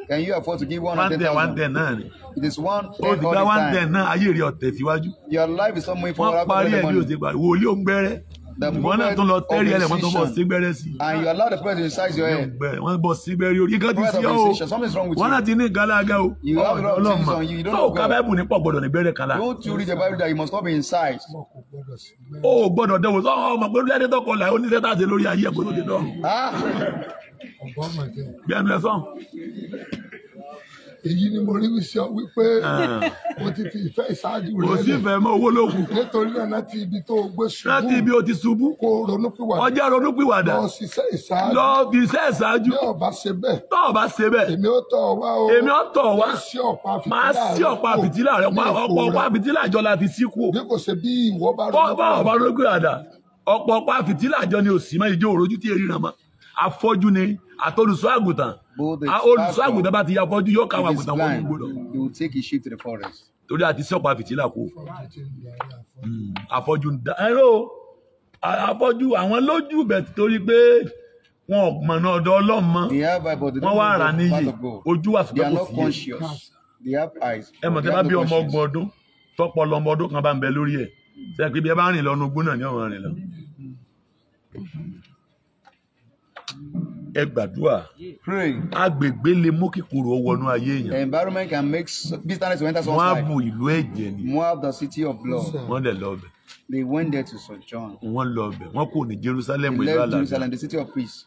can you afford to give one hundred thousand. one ten náà ni. it is one ten all the time. o ti gba one ten náà ayé rí ọ̀tẹ̀ síwájú. your life is so much more important than money. wọ́n parí ẹ̀ ní òsèpá wọ́n náà tún lọ tẹ́rí ẹlẹ̀ wọ́n tún bọ̀ sígbẹ́rẹ́ sí. and you allow the person to incise your head. wọ́n bọ̀ sígbẹ́rẹ́ orí nǹkan ti sí ọ́ o wọ́n náà ti ní nǹkan lága o ọlọ́mọ tó ká báìbù ní pọ̀ gbọ́dọ̀ ní bẹ́rẹ̀ kala. don't you read the bible that you must not be incised. o gbọ́dọ̀ dẹwò sọ ọmọ pé lẹni tọkọ la oníṣẹ tá a ṣe lórí ayé ẹ gbọ́dọ̀ dé dọrùn. Ah. bí ẹnu ẹ sọ èyí ni mo rí wíṣọ wípé ah. o ti fi ìfẹ́ ìṣáájú rẹ lẹ. kò sí ìfẹ́ mọ́ owó ló kù. nítorí náà láti ibi tó gbé ṣubú. láti ibi o ti ṣubú. kó ronúpìwàdà. ọjọ́ ronúpìwàdà. lọ ṣiṣẹ́ ìṣáájú. lọ fi iṣẹ́ ìṣáájú. bí ọba ṣe bẹ́ẹ̀. bí ọba ṣe bẹ́ẹ̀. èmi ó tọ̀ wá o. èmi ó tọ̀ wá. máa sí ọ̀pá fìtílà rẹ. ọ̀pọ̀ ọ̀pá fìtílà jọ la sí kú. bí kò ṣe bí ìwọ bá ronúpìwàdà olùṣọ́ àgùntàn bá ti ya ọkọ̀jú yóò káwọn àgùntàn wọn ní gbọdọ̀. he will take his sheep to the forest. torí àti sọ́pà fìtílà kò hmm, afọ́jú ẹ̀rọ afọ́jú àwọn lójú bẹ̀ torí pé wọn ò mọ̀nà ọ̀dọ̀ ọlọ́run mọ́ wọ́n wá rà níyì ojú wà ṣùgbọ́n kò sí yẹ ẹ mọ̀ tẹ́ bá bí ọmọ ọgbọ̀n ọdún tọ́pọ̀ lọmọ ọdún kan bá ń bẹ lórí ẹ̀ sẹ́ẹ̀ pé bí ẹ bá rìn lọ́nu gbóná ní ọ̀ràn rìn lọ ẹ gbàdúrà. pray. agbègbè lè mú kíkorò wọnú ayé yẹn. environment can make bitterness enter someone's life. Moab ìlú ẹ̀jẹ̀ ni. Moab the city of blood. wọ́n dẹ̀ lọ bẹ̀. they went there to sojourn. wọ́n lọ bẹ̀ wọ́n kò ní Jerusalem ìlú àlàáfíà. they left Jerusalem the city of peace.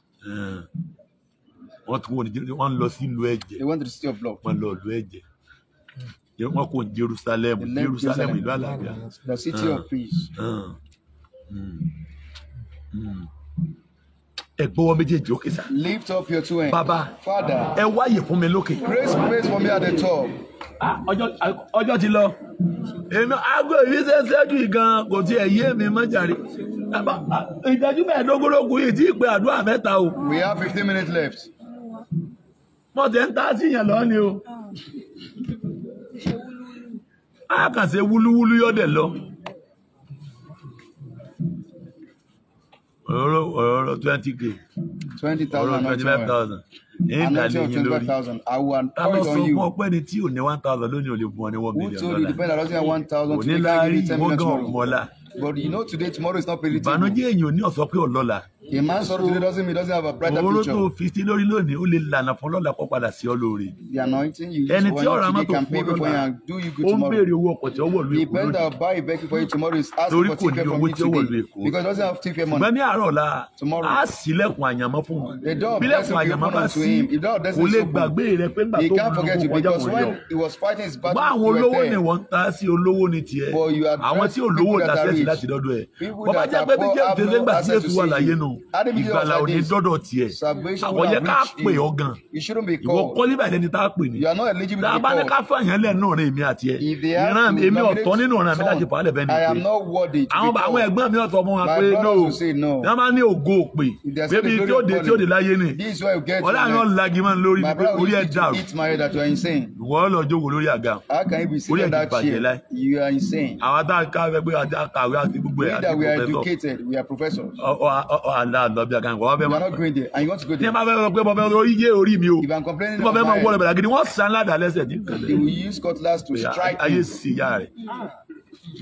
wọ́n tún wọ́n lọ sí ìlú ẹ̀jẹ̀. they went to the city of blood. wọ́n lọ ìlú ẹ̀jẹ̀ wọ́n kò ní Jerusalem ìlú àlàáfíà. the city of peace. Hmm. Hmm ẹgbọwọ méjèèjì òkè sá. lift up your two hands. baba ẹ wáyè fún mi lókè. grace grace for me at the top. Ah, ọjọ́ ti lọ èmi aago ìrísẹ́ ṣẹ́jú gan kò tiẹ̀ yé mi mọ́jàre ìdájú mẹ́ẹ̀ẹ́dógórógún yìí tí ì pé àdúrà mẹ́ta o. we have fifteen minutes left. mo ti ń ta sí yẹn lọ ni o. a kàn ṣe wúlúwúlú yóò dẹ̀ lọ. ọ̀rọ̀ ọ̀rọ̀ twenty k twenty thousand ọ̀rọ̀ twenty five thousand ẹ̀yìn ìdàlẹ̀ yìí lórí àwọn sọ fún ọpẹ́ ni tí ò ní one thousand lónìí ò lè fún ọ ní one million dollar òní láàárín wọ́n gan ọ̀pọ̀ ọ̀la ìbànújẹ́ èyàn ò ní ọ̀sọ́ pé ọ̀lọ́la a man sorrow today doesn't mean doesn't have a brighter future. òun tó fi sí lórí lónìí ó lè lànà fún lọ́la kó padà sí ọ lóore. the anointing you use Any for can pay you tomorrow. ó ń béèrè owó ọkọ̀ tí ó wọ̀ lóye kúrò ní. the best that buy a vehicle for you tomorrow is ask for ticket from today because doesn't have ticket money. ṣùgbọ́n ní àárọ̀ la a sílẹ̀kùn àyànmọ́ fún un. the door blessing will to him if door blessing is open. kò lè gbàgbé rẹ pé nígbà tó ń lọ kọjá wọn lọ. he was fighting his battle. báwọn olówó ni wọ́n ń ta sí olówó ni tiẹ̀ àwọn tí olówó dá sẹ́sì láti dọ́dọ̀ ẹ̀ bọ́bá ìgbàlà òde dọ́dọ̀ tiẹ̀ àwọn yẹ ká pè ọ́ gan ìwọ kọ́lé bàjẹ́ tá a pè ní tá a bá ní ká fún àyàn lẹ́nu ọ̀rẹ́ mi àti ẹ̀ ìran èmi ọ̀tọ̀ nínú ọ̀ràn mi láti fàálẹ̀ bẹ́ẹ̀ ni pé àwọn ẹ̀gbọ́n mi ọ̀tọ̀ mọ́ wa pé no wọ́n máa ní ògo òpè bébí tí ó de tí ó de láyé ni ọ̀là àwọn lagi máa ń lórí pé orí ẹ̀ dàrú ìwọ ọlọ́jọ́ wò lórí àga orí ẹ̀ ti bàjẹ́ láì àwọn tá aláàlọ́bíàgàn wọ́n fẹ́ mọ̀. ní ma fẹ́ mọ̀ pé mo fẹ́ orí yé orí mi o tí mo fẹ́ mọ̀ wọ́ọ̀rọ̀ bẹ̀rẹ̀ gidi wọ́n san ládàá lẹ́sẹ̀ ní ìkàlẹ̀ ayé sì yá rẹ̀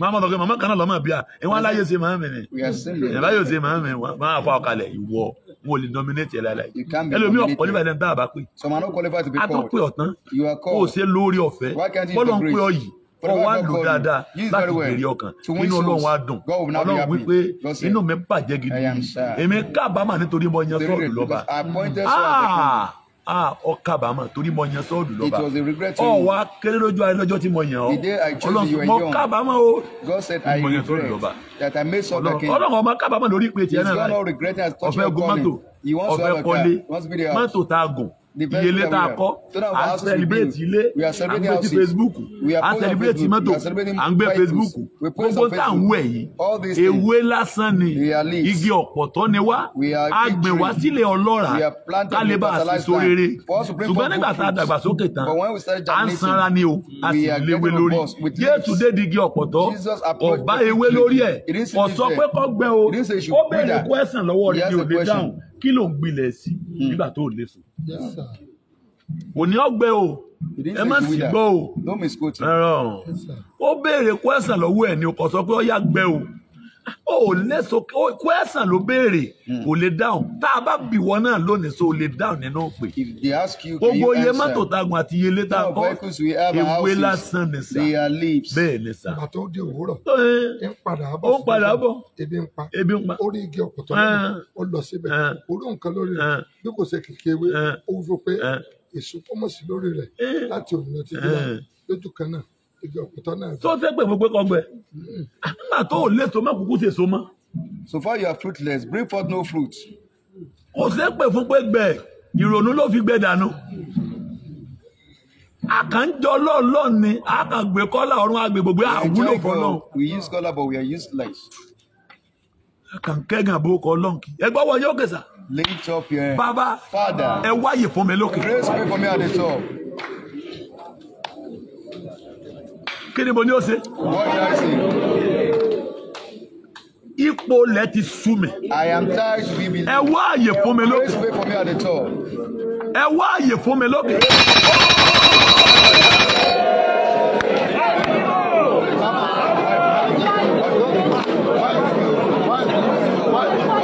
máa mọ̀ tọ́ pé màmá kan náà lọ́mọ bíà ìwọ́n aláyé ṣe máa ń mẹ́rin ìwọ́n ṣe máa ń mẹ́rin máa fọ ọkàlẹ̀ ìwọ wọn ò lè nominate ẹ̀ láìláì ẹlòmí ọ̀pọ̀ nípa ẹni tá a bá pè. a tó you ọ̀tán kó o ṣe lórí ọ̀fẹ́ bọ́lọ̀ ń pè ọ yìí kọ́ wá lò dáadáa láti bèrè ọkàn inú ọlọ́run á dùn ọlọ́run wípé inú mi bàjẹ́ gidi èmi kábàámà nítorí mo yan sọ́ọ̀lù lọ́ba ah, ọ ah, kábàámọ̀ torí mo yan sọ́ọ̀dù lọ́ba ọ wá kéré lójú ayé lọ́jọ́ tí mo yàn ọ́ ọlọ́run mo kábàámọ̀ o mo yan sọ́ọ̀dù lọ́ba ọlọ́run ọmọ kábàámọ̀ lórí ìpè tiẹ̀ náà láì ọ̀fẹ́ gun mọ́tò ọ̀fẹ́ kọ́lé mọ́tò tá a gùn ìyẹlé tá a kọ́ à ń celebrate ilé à ń gbé Facebook à ń celebrate mọ́tò à ń gbé Facebook gbogbo tá à ń wẹ̀ yìí ewé lásán ni igi ọ̀pọ̀tọ́ ni wá a gbìn wá sílẹ̀ ọlọ́ràá ká lè bá a sì so rere ṣùgbọ́n nígbà tá a dàgbàsókè tán à ń sanra ni o a sì léwé lórí Jésù dé di igi ọ̀pọ̀tọ́ ọ̀bá ewé lórí ẹ̀ ọ̀sọ́ pé kọ́ gbẹ o ó béèrè kó ẹ̀sán lọ́wọ́ rẹ̀ ní òde dáhùn kí ló ń gbilẹ̀ sí hmm. nígbà tó lè sùn. òní ọgbẹ o ẹ má sì gbọ́ o ẹ̀rọ ó béèrè kó lọ́wọ́ ẹ̀ ni o kò sọ pé ó yá gbẹ o o ó lẹ́sọ kwẹ́sàn ló béèrè hmm. kò lè dáhùn tá a bá bì wọ́n náà lónìí so lè dáhùn nínú pé gbogbo iye mọ́tò tagun àti iye lẹ́tà kọ́ ewé lásán ni sà bẹ́ẹ̀ ni sà. bàtà ó di òwúrọ̀ ń padà bọ̀ ń padà bọ̀ ebi ń pa ebi ń pa ó rí igi ọ̀pọ̀tọ́ ó lọ síbẹ̀ ó rí nǹkan lórí rẹ̀ bí kò ṣe kékeré ó wúwo pé èso pọ́mọ̀sí lórí rẹ̀ láti òmìnira ti dé lójú kan náà igi òkúta náà. tó tẹ́ pé gbogbo kọ́gbẹ́ hmm. nígbà tó ò lè so má kúkú ṣe so mọ́. so far you are fruitless bring forth no fruit. kò ṣe é pè fún pé gbẹ ìrònú ló fi gbẹ dànù. àkànjọ lọ́ọ̀lọ́ọ̀ ni àkàngbé kọ́là ọ̀run àgbègbè àwúlò fọ́nà. Uh, we use color but we are useless kànkẹ́gàn àbò kọ lọ́nkì ẹ gbọ́wọ́ yóò kẹsà. lift up your head. baba ẹ wáyè fún mi lókè. grace pray from me at the top kí ni mo ní ó ṣe. ipò lẹ ti sú mi. I am tired bíbí. ẹ wá àyè fún mi lókè. ẹ wá àyè fún mi lókè. Why? Why? Why?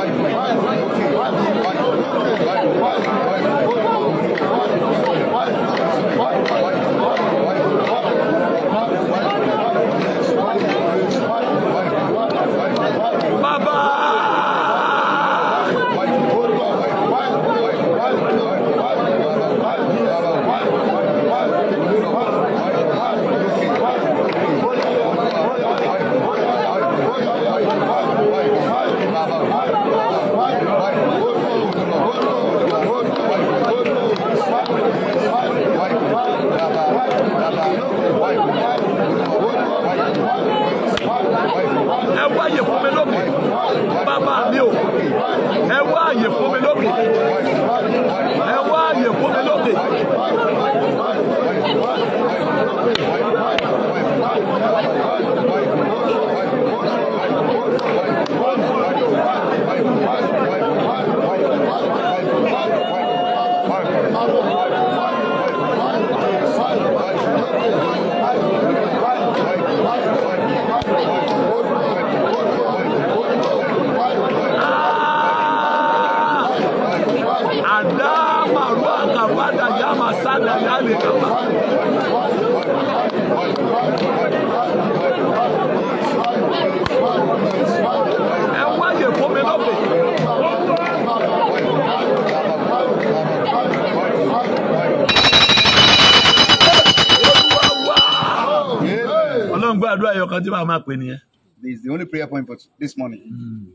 nǹkan tí màá máa pè nìyẹn. this is the only prayer point for this morning. Hmm.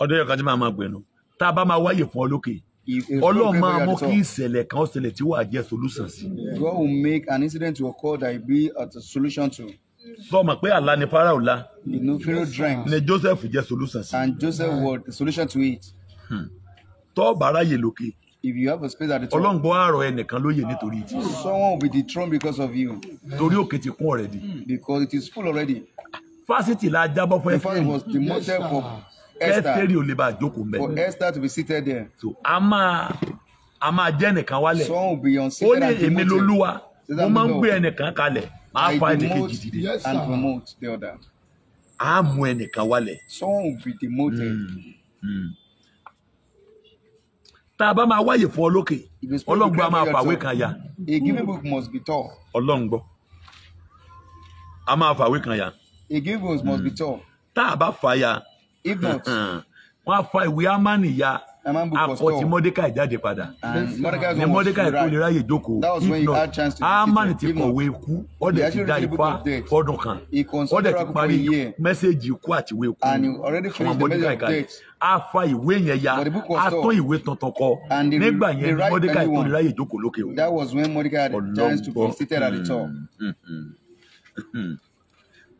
ọdún yẹn kan tí màá máa pè nù tá a bá máa wáyè fún ọ lókè ọlọ́run máa mú kí ìṣẹ̀lẹ̀ kan ṣẹlẹ̀ tí wàá jẹ́ solution sí. God will make an incident to occur that will be a solution to sọmọ pé àlá ni Pharaoh lá. inú Pharaoh drank. ni Joseph jẹ́ solution sí. and Joseph was the solution to it. Hmm. tó bá ráyè lókè if you have a space at the top. ọlọ́run gbọ́ àrọ̀ ẹnìkan lóye nítorí ti. someone will be dethroned because of you. torí òkè ti kún already. because it is full already. fásitì la jábọ́ fún ẹsẹ̀ rí. the fásitì was demoted for Esther. ẹsẹ̀ a jókòó for Esther to be seated there. so a máa a máa jẹ́ ẹnìkan wálẹ̀. someone will be unseated and demoted. ó ní èmi lolúwa mo máa ń gbé ẹnìkan kalẹ̀ máa fa ẹnìkejì dìde. and promote the other. a mú ẹnìkan wálẹ̀. someone will be demoted. Mm. Mm tá a bá máa wáyè fún ọ lókè ọlọ́ngbọ́ a máa fàwé kan ya. a given book must be tall. ọlọ́ngbọ́ a máa fàwé kan ya. a given book must be tall. tá a bá fà ya. if not. wọ́n á fa ìwé amánìyá akọ oh, ti mọdékàì jáde padà ní mọdékàì tó lè ráyè jókòó if amani ti kọ̀wé ikú ọdẹ ti da ifá fọdún kan ọdẹ ti parí mẹ́sẹ̀gì ikú àti ìwé ikú àwọn mọdékàì kalẹ̀ a fa ìwé yẹn ya a tún ìwé tuntun kọ nígbà yẹn ní mọdékàì tó lè ráyè jókòó lókè o ọlọ́gbọ́n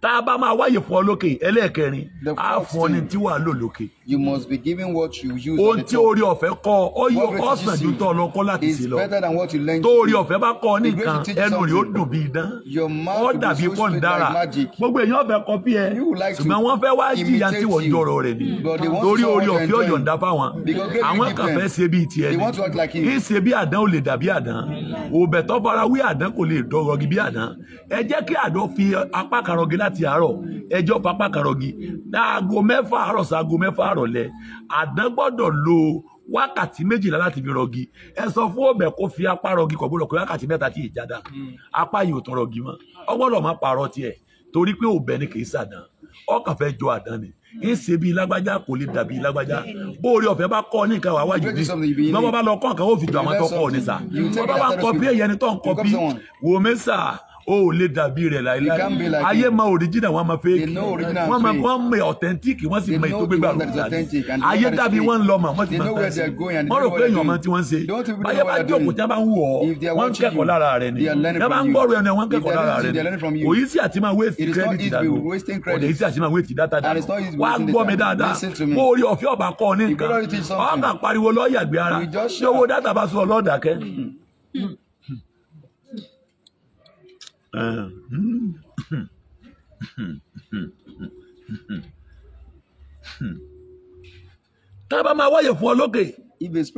tá a bá máa wáyè fún ọ lókè ẹlẹ́ẹ̀kẹrin á fún ọ ní tí wàá lò lókè. you must be given what you use. ohun tí orí ọ̀fẹ́ kọ́ ọ yọ ọ̀sán ju tọ́ lọ́kọ́ láti sí lọ. is better than what you learn. tó orí ọ̀fẹ́ bá kọ́ ọ nìkan ẹnu rẹ̀ ó dùn bí idán. your mouth will be so sweet like magic. gbogbo èèyàn fẹ́ kọ́ bí ẹ ṣùgbọ́n wọ́n fẹ́ wá jìyà tí wọ́n jọrọ rẹ̀ ni. Hmm. torí orí ọ̀fẹ́ ọ̀yọ̀ǹda fáwọn àwọn kan fẹ́ ṣe bí tiẹ̀ ni kì í ṣe bí àdán ò lè dàbí àdán òbẹ̀tọ́ fara wí àdán kò lè dọ̀rọ̀gì bí àdán ẹ jẹ́ kí àdán láti àárọ̀ ẹjọ́ pápá kàrọ̀gì láago mẹ́fà àárọ̀ sáago mẹ́fà àárọ̀ lẹ àdán lo wákàtí méjìlá láti fi rọgì ẹ sọ fún ọbẹ kó fi apá rọgì kọ gbọ́dọ̀ pé wákàtí mẹta kì í jáda hmm. apá yìí ò tán rọgì mọ ọgbọdọ má torí pé òbẹ ni kì í sàdán ọkàn jọ àdán ni ń ṣe lágbájá kò lè dàbí lágbájá bó bá ní nǹkan wà wájú bí o ò lè dàbí rẹ̀ láìláì ayé máa original wọn máa fake wọn máa wọn mọ authentic wọn sì mọ ètò gbégbá rúkà ní ayé dàbí wọn lọ mà wọn sì máa tà sí wọn rò pé èèyàn máa tí wọn ṣe báyé bá jókòó tí wọn bá ń wù ọ wọn kẹ́kọ̀ọ́ lára rẹ ni tí wọn bá ń gbọ́rọ̀ ẹni wọn kẹ́kọ̀ọ́ lára rẹ ni kò yí sí àti máa waste credit dànù kò yí sí àti máa waste data dànù wá gbọ́ mi dáadáa mo rí ọ̀fẹ́ ọ̀bà kọ́ ọ ní nǹkan ọ̀gá pariwo lọ́ọ̀yà gbé ara ṣé owó data bá sọ ọlọ́ọ̀dà kẹ́ tá a bá máa wáyè fún ọ lókè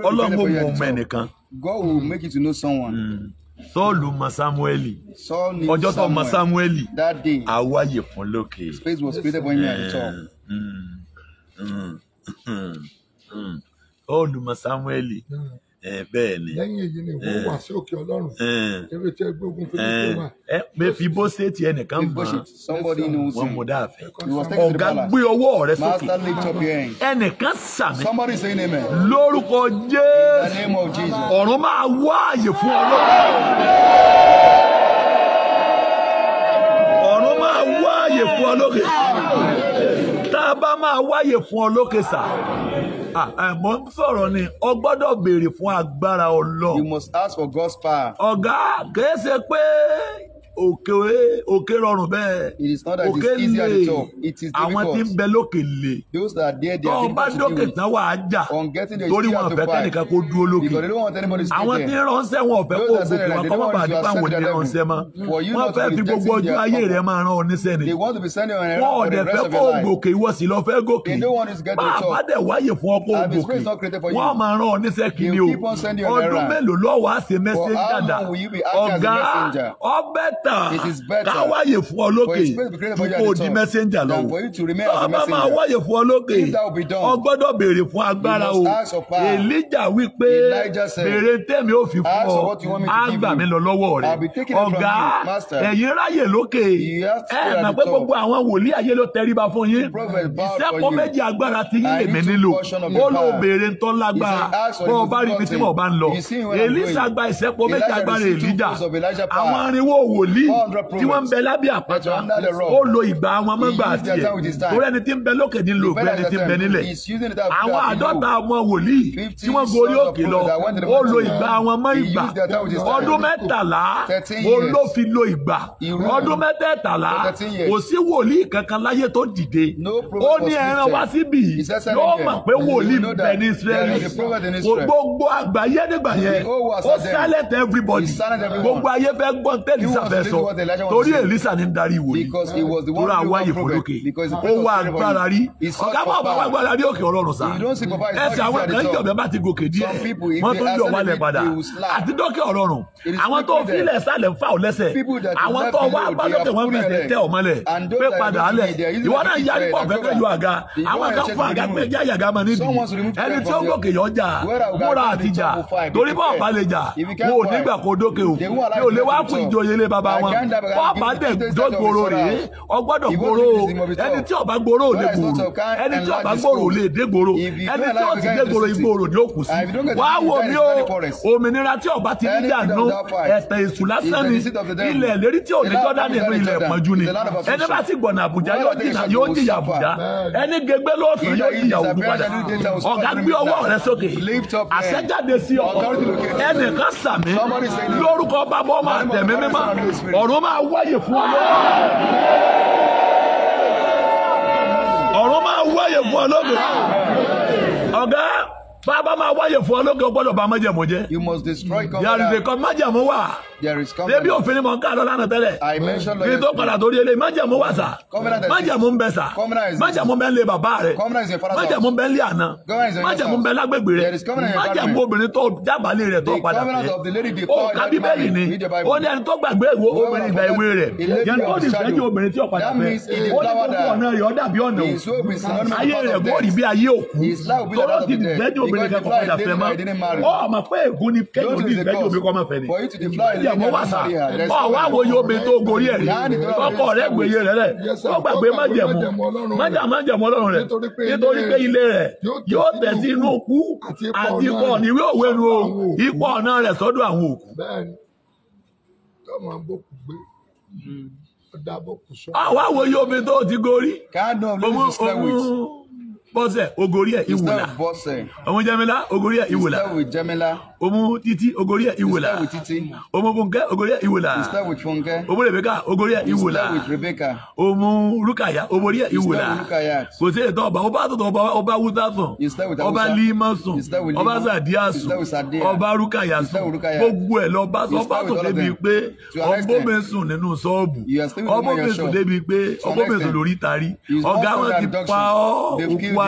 ọlọ́run ó mú ọmọ ẹnìkan. God will make you to know someone. Mm. Sọ́ọ̀lù ma Sámúẹ́lì. Ọjọ́ tó ma Sámúẹ́lì. Àwáyè fún lókè. Space was created for you were at the hmm. top. Hmm. Hmm. Sọ́ọ̀lù ma Sámúẹ́lì bẹ́ẹ̀ ni lẹ́yìn èyí ni wọ́n wá sí òkè ọlọ́run eré tí ẹgbẹ́ ogun fún mi wá. mẹ́fìbó ṣètì ẹnìkan mọ̀ wọ́n mú dáàfẹ́ ọ̀gá gbé ọwọ́ rẹ sókè ẹnìkan sàmì lórúkọ Jésù ọ̀run máa wá àyè fún ọlọ́run. ọ̀run máa wá àyè fún ọlọ́run tá a bá máa wáyè fún ọlọ́run sà. Ah, eh, mo ń sọ̀rọ̀ ni o gbọ́dọ̀ béèrè fún agbára Ọlọ́run. you must ask for God's power. ọ̀gá kìí pé òkè òkè rọrùn bẹ́ẹ̀ òkè lè àwọn tí ń bẹ lókè lè tó o bá dókè tán wà á jà torí wọn ọ̀fẹ́ kẹ́nìkan kó dúró lókè àwọn tí ń ránṣẹ́ wọn ọ̀fẹ́ kó gòkè wọn kọ́ wọn bá ní báwọn ò ní ránṣẹ́ mọ́ wọn fẹ́ fi gbogbo ọjọ́ ayé rẹ̀ máa rán ọ níṣẹ́ ni wọn ò dẹ̀ fẹ́ kó gòkè ìwọ sì lọ fẹ́ gòkè máa bá dẹ̀ wáyè fún ọ kó gòkè wọn máa rán ọ níṣẹ́ kiri o ọdún mélòó lọ́wọ́ àṣẹ mẹ́sẹ̀ dáadáa ọ̀gá ọbẹ̀ t better ká wáyè fún ọ lókè kó di messenger lọ wọ́n máa máa wáyè fún ọ lókè o gbọ́dọ̀ béèrè fún agbára o Elijah wí pé béèrè tèmi ò fi fún ọ á gbà mí lọ lọ́wọ́ rẹ̀ ọ̀gá ẹ̀yin ráyè lókè ẹ̀ mà pé gbogbo àwọn wòlíì ayé ló tẹríba fún yín ìṣẹ́pọ̀ méjì agbára ti yín lèmi nílò ó lò béèrè ń tọ́ lágbára bọ́ ọ bá rí ibi tí mo bá ń lọ Èlíṣà gba ìṣẹ́pọ̀ méjì agbára Èlíjà àwọn arinwó wòlíì wòlíì tí wọ́n ń bẹ lábẹ́ àpáta ó lo ìgbà wọn mọ́gbà tiẹ̀ torí ẹni tí ń bẹ lókè ní lò pé ẹni tí ń bẹ nílẹ̀ àwọn àádọ́ta ọmọ wòlíì tí wọ́n gorí òkè lọ ó lo ìgbà wọn mọ́ ìgbà ọdún mẹ́tàlá ó ló fi lo ìgbà ọdún mẹ́tẹ̀ẹ̀tàlá kò sí wòlíì kankan láyé tó dìde ó ní ẹran wá síbì yóò mọ̀ pé wòlíì bẹ ní Israẹli gbogbo àgbáyé nígbà yẹn ó silent everybody gbogbo ayé fẹ́ gbọ́n tẹ́lifíṣà fẹ́ sọ torí Èlísà ní darí wòlíì torí àwọn àyè fọlọ́kẹ́ ó wá agbára rí ọ̀gá bá wà agbára rí òkè ọlọ́run sá ẹsẹ̀ àwọn kan yọ̀ bẹ́ẹ̀ bá ti gòkè díẹ̀ wọ́n tún yọ̀ wálẹ̀ padà àti dọ́kẹ́ ọlọ́run àwọn tó filẹ̀ sálẹ̀ fà ọ́ lẹ́sẹ̀ àwọn tó wá agbálókè wọn fi tẹ̀ ọ́ mọ́lẹ̀ pé padà alẹ̀ ìwọ náà yarí pọ̀ fẹ́fẹ́ yọ àga àwọn kan fún àga pé jáyà àga máa níbi ẹni tí ó gòkè yọ jà múra àti jà torí bọ́ọ̀ bá lè jà wọn ò nígbà kó dókè o mi ò lè wá kú ìjòyè lé bab bàbá wọn ọba dẹ̀ dọ́gbòrò rèé ọgbọ́dọ̀ gbòrò ẹni tí ọba gbòrò ò lè gbòrò ẹni tí ọba gbòrò ò lè dé gbòrò ẹni tí ó ti dé gbòrò ìgbòrò ni ó kù sí wàá wò mí o òmìnira tí ọba ti ní dànù ẹ̀tẹ̀ èṣù lásán ni ilẹ̀ ìlérí tí ò ní jọ́dá nínú ilẹ̀ ìpọ́njú ni ẹni bá ti gbọ̀nà àbújá yóò jìyà àbújá ẹni gbẹgbẹ́ lóòsàn yóò jìyà òdùpadà ọ̀gá gbé ọwọ́ rẹ sókè àṣẹjáde sí ọkọ̀ ẹnìkan sàmì lórúkọ bàbá ọmọ àtẹ̀mí mímọ́ ọ̀run máa wáyè fún ọ lógo máa wáyè fún ọ ọ̀gá bàbá máa wáyè fún ọ gbọ́dọ̀ bá májẹ̀mú jẹ́ yàrá ìdèkọ́ májẹ̀mú wà débi òfin ni mo ń ká lọ lánàá tẹ́lẹ̀ kí n tó padà torí ele májàmú wà sá májàmú ń bẹ sá májàmú ń bẹ ń lé bàbá rẹ májàmú ń bẹ ń lé àná májàmú ń bẹ lágbègbè rẹ májàmú obìnrin tó jábàálé rẹ tó padà fẹ́ o ká bíbélì ni ó ní ẹni tó gbàgbé ìwé obìnrin ìgbà ìwé rẹ yẹn tó ti fẹ́ ju obìnrin tí ó padà fẹ́ ó ní kókó ọ̀nà rẹ̀ ó dàbí ọ̀nà òkú ayé rẹ̀ bọ́ọ̀lì bí ayé òkú tóró ti fẹ́ ju obìnrin kẹ́kọ̀ọ́ padà fẹ́ mọ́ ọ májẹ̀mú wà sá ọ̀wá àwòye obìnrin tó gorí ẹ̀ rí ọkọ rẹ̀ gbèyè rẹ̀ rẹ̀ ó gbàgbé májẹ̀mú májẹ̀mú ọlọ́run rẹ̀ nítorí pé ilé rẹ̀ yóò tẹ̀ sí inú òkú àti ikọ̀ níwé òwe nu ikọ̀ ọ̀nà rẹ̀ sọ́dọ̀ àwọn òkú. ọ̀wá àwòye obìnrin tó ti gorí. God don't lose his bọ́sẹ̀ ogori ẹ̀ ìwòlà ọmọ jẹmẹlá ogori ẹ̀ ìwòlà ọmọ títí ogori ẹ̀ ìwòlà ọmọ fúnkẹ́ ogori ẹ̀ ìwòlà ọmọ rebeka ogori ẹ̀ ìwòlà ọmọ rukaya ogori ẹ̀ ìwòlà kò sí ètò ọba ọba àtọ̀tọ̀ ọba ọba wúta sùn ọba lima sùn ọba sàdíà sùn ọba rukaya sùn gbogbo ẹ̀ lọ bá sọ bá sọ débi pé ọgbó mi sùn nínú sọ́ọ̀bù ọgbó mi sùn débi pé ọgbó mi sùn lórí tari ọ̀gá wọn ti pa ọ́ òkú wa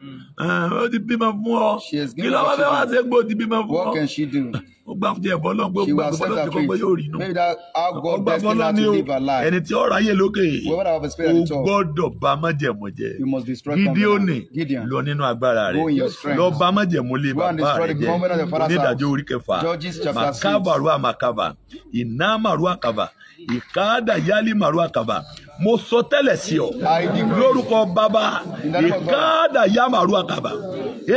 She eh, she What can do? was set ó ti bímọ fún ọ kí ló wá fẹ́ wá ṣe gbó ti bímọ fún ọ ó gbà fún ẹ̀bọ́ náà gbogbo àgbà bọ́lá ti kọ́ pé yóò rí inú ó gbà bọ́lá ní o ẹni tí ó ráyè lókè o gbọ́dọ̀ bá májẹ̀mú jẹ́ Gídíónì lọ nínú agbára rẹ̀ lọ bá májẹ̀mú lé bàbá rẹ̀ jẹ́ onídàájọ́ orí kẹfà màkàbàrú àmàkàbà ìnámàrú àkàbà ìkáàdà yálì màrú àkàbà mo sọ tẹ́lẹ̀ sí ọ lórúkọ bàbá ìkáàdà ya màrú àkàbà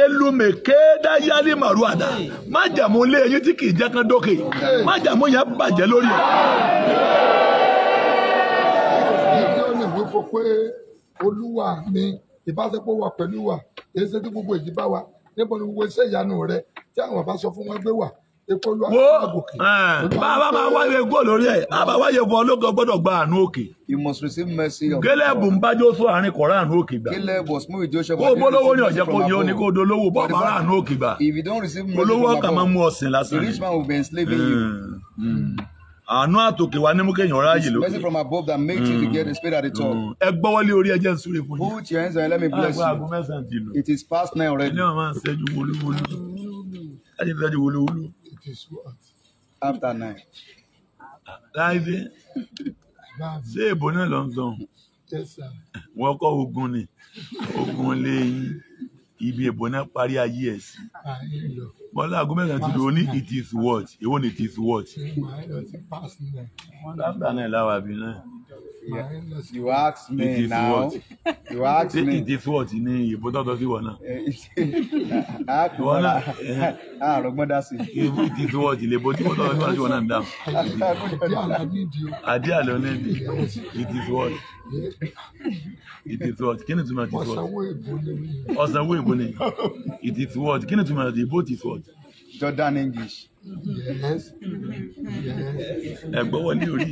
elume kéèdà yálé màrú àdá májàmú lé eyín tí kì í jẹ́ kán dókè májàmú yẹn bàjẹ́ lórí ẹ̀. olúwa mi ìbáṣepọ̀ wà pẹ̀lú wa èyí ṣe tí gbogbo èyí bá wa níbo ni gbogbo iṣẹ́ ìyanu rẹ tí àwọn bá sọ fún wọn gbé wà wo eh, bá máa wáyé góòlù lórí ẹ a wáyé bọ ológo gbọ́dọ̀ gba àánú òkè. you must receive mercy. ń bá Jósù àárín kọ̀ọ̀rọ̀ àánú òkè gbà. kó o bólówó ní ọ̀jẹ̀ kó ní o ní kó o dolówó bọ́ bá àánú òkè gbà. if you don't receive mercy. olówó ọkàn máa mú ọ̀sìn lásán. the rich man will be enslaving hmm, hmm. àánú àtòkè wa ní mú kéèyàn ọ̀rá lókè. Hmm, ẹ gbọ́wọ́lé orí ẹjẹ́ ń súre fún yín. put your hands on it let ẹni wọn máa ń ṣẹ́jú wolúwolú. ẹni this what? After nine. Láìdé. Ṣé èbó náà lọ ń sọ? Wọ́n kọ́ ogun ni. Ogun lé ibi èbó náà parí ayé ẹ̀ sí. Bọ́lá Agúnmẹ́sàn ti lò ní it is what? Èwo ni it is what? After nine láwa bí náà. Yeah. You ask me now. You ask me. It is what ni ìbò tọ́tọ́ sí wọn náà. Ìwọ náà. Àrògbọ́n dá sí. It is what ilé ìbò tí wọ́n tọ́tọ́ sí wọn náà ń dà. Adé àlọ́ ní ìdí. It is what. It is what. Kí ni túmọ̀ it is what? Ọ̀sánwó ìbò ni. It is what. Kí ni túmọ̀ ìbò it is what? Jordan English. Yes. Yes. Ẹ̀gbọ́n wọ ní orí.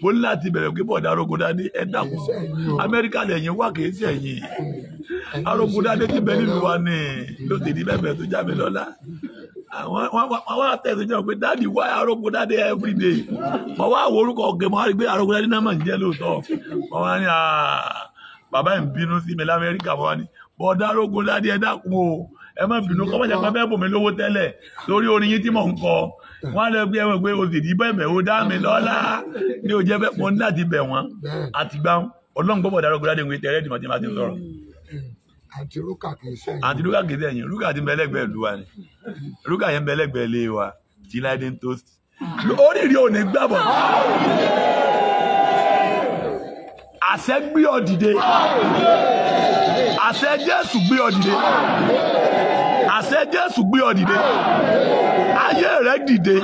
mo ní láti bẹ̀rẹ̀ pé bọ̀dà Arógundadé ẹ dàkú amẹ́ríkà lẹ́yìn wá kìí sí ẹ̀yìn Arógundadé ti bẹ nílùú wa ní ló ti di bẹ́ẹ̀ tó já mi lọ́la àwọn àtẹ̀sí jẹ́ pé dáàdi wá Arógundadé everyday mo wá wo orúkọ ọ̀gẹ̀ mo wá rí pé Arógundadé náà mà ń jẹ́ lóòótọ́ mo wá ní bàbá ẹ̀ ń bínú sí mi lamẹ́ríkà mo wá ní bọ̀dà Arógundadé ẹ dàkú o ẹ má bínú kọ́ Mm. wọ́n á lọ gbé ẹ̀wọ̀n pé o sì rí bẹ́ẹ̀ o dá mi lọ́lá ní mm. o jẹ́ bẹ́ẹ̀ mo ní láti bẹ̀ wọ́n mm. àtìgbà ọlọ́run gbọ́dọ̀ darọ́ gbọ́dọ̀ ìwé tẹ̀rẹ́ ìdìmọ̀ tí ma ti sọ̀rọ̀. àti rúkà kìí sẹ́yìn. rúkà kìí sẹ́yìn rúkà ti lu wa ni rúkà yẹn bẹ́lẹ́gbẹ̀ẹ́ lé wa tí láìdé ń toast oríire ò ní gbàbọ̀. àṣẹ gbé ọ dìde àṣẹ Jésù gbé ọ dìde. àṣẹ Jésù gbé ọ ayé rẹ dìde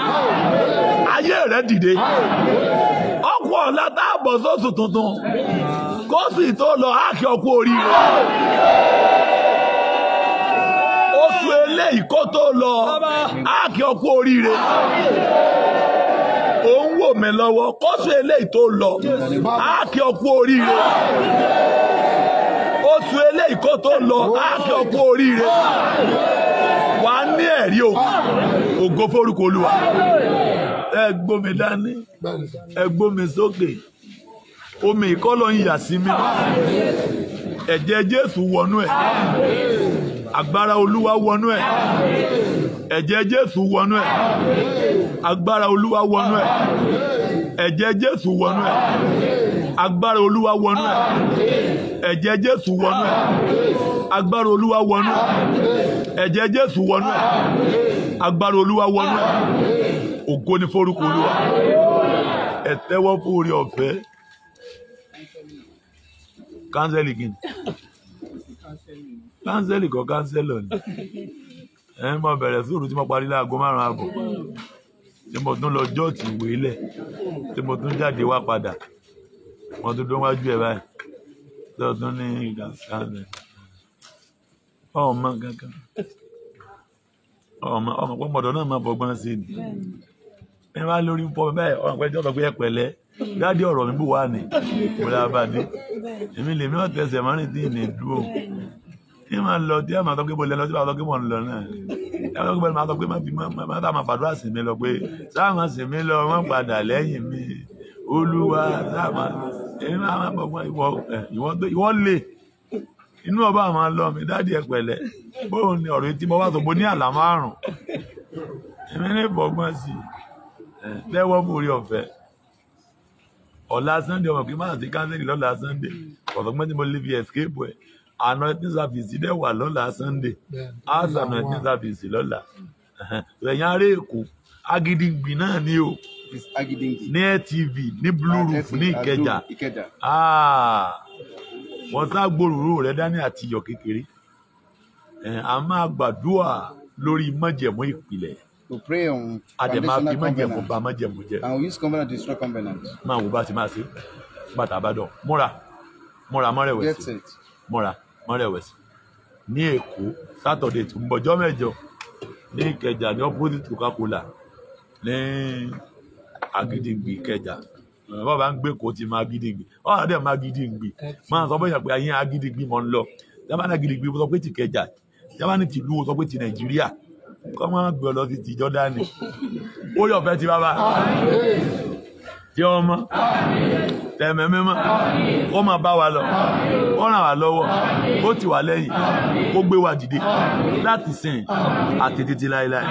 ayé rẹ dìde ọ̀la tá a tuntun kó sì tó lọ áàkì ọkọ̀ oríire oṣù eléyìí kó tó lọ áàkì ọkọ̀ oríire òun wò mí lọ́wọ́ eléyìí tó lọ áàkì oríire. oṣù eléyìí kó tó lọ áàkì ọkú oríire wà á ní ẹ̀rí ògo forúkọ omi ìkọ́lọ̀ ń yà sí mi ẹ̀jẹ̀ jésù wọnú agbára olúwa wọnú jésù wọnú agbára olúwa wọnú jésù ẹ̀jẹ̀ jésù wọnú ẹ̀ agbára olúwa wọnú ẹ̀ ẹ̀jẹ̀ jésù wọnú ẹ̀ agbára olúwa wọnú ẹ̀ ògo ni forúkọ olúwa ẹ tẹ́wọ́ fún orí ọ̀fẹ́ kánsẹ́lì kìíní kánsẹ́lì kọ́ kánsẹ́lì ẹ̀ bẹ̀rẹ̀ mo parí láago márùn-ún àbọ̀ lọ jọ́ọ̀tì ìwé lẹ̀ ti mo jáde wá padà mo tún wájú ẹ̀ lọ́dún ní ìgbàsálẹ̀ ọmọ kankan ọmọ ọmọ pọ́npọ́dọ̀ náà máa bọ́gbọ́n sí ni ẹ máa lórí pọ́ bẹ́ẹ̀ ọmọ pẹ́jọ́ sọ pé ẹ pẹ̀lẹ́ dáàdi ọ̀rọ̀ mi bù wá ní ìmúlẹ̀ abadé èmi lèmi náà tẹsẹ̀ máa ń rìn tí ì ní dúró tí ì máa lọ tí ì máa tọ́ kébò lẹ́nu tí ì máa tọ́ kébò ń lọ náà ẹ lọ́gbẹ́ bẹ́ẹ̀ máa tọ́ pé má fi má bá máa fàdúrà sí mi lọ pé sáà máa sì mí lọ wọ́n padà lẹ́yìn mi olúwa sábà ẹni máa máa bọ̀gbọ́n ìwọ ìwọ tó ìwọ lè inú ọba àwọn lọ mi dáàdi ẹ pẹ̀lẹ́ bóun ni ọ̀rọ̀ etí mo wá sọ bó ní àlà márùn èmi ní bọ̀gbọ́n sí i lẹwọ mú orí ọ̀fẹ́ ọ̀la sunday ọmọ kí n máa ti kánsẹ́lì lọ́la sunday ọ̀sọ̀gbọ́n tí mo lè fi escape ẹ̀ anointing service dẹ̀ wà lọ́la sunday house anointing service lọ́la ẹ̀yìn ará èkó agidigbi náà ni o ní TV ní Blue ah, Roof ní ah, Ìkẹjà ah, wọ́n sá gbòòrò rẹ̀ dání àti iyọ̀ kékeré a máa gbàdúrà lórí májẹ̀mú ìpìlẹ̀ to pray on àdèmà fi májẹ̀mú ba májẹ̀mú jẹ́. máa wo bá ti máa ṣe bàtà àbádọ múra múra mọ́rẹ̀wẹ̀sì múra mọ́rẹ̀wẹ̀sì ní èkó sátọ̀dẹ̀ tó ní ìkẹjà ní opposite coca-cola ní agídígbì kẹjà bọ́ bá ń gbé kó ti máa gídígbì ọ́ àdẹ́ máa gídígbì máa sọ bóyá pé ayé agídígbì mọ́ ń lọ jábánà gídígbì sọ pé ti kẹjà jábánà ti lú sọ pé ti nàìjíríà kọ́ máa gbé ọ lọ sí ti jọ́dánì ó yọ̀ fẹ́ ti bàbá tí ọmọ tẹ̀mẹ̀ mímọ́ ó máa bá wa lọ ó ràn wá lọ́wọ́ ó tì wá lẹ́yìn ó gbé wa dìde láti sìn àti títí láéláé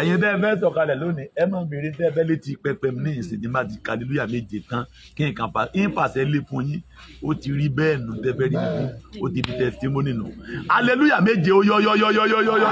ẹ̀yin bẹ́ẹ̀ bẹ́ẹ̀ sọ̀kalẹ̀ lónìí ẹ máa bèrè bẹ́ẹ̀ bẹ́ẹ̀ létí pẹpẹ ní ìsìnkú má ti kàlélúyà méje tán kí n kàn fà ń fàṣẹ lé fún yín ó ti rí bẹ́ẹ̀ nù tẹ́fẹ́ rí nìyí ó ti di testimony nù hallelujah méje ó yọ yọ yọ yọ yọ yọ.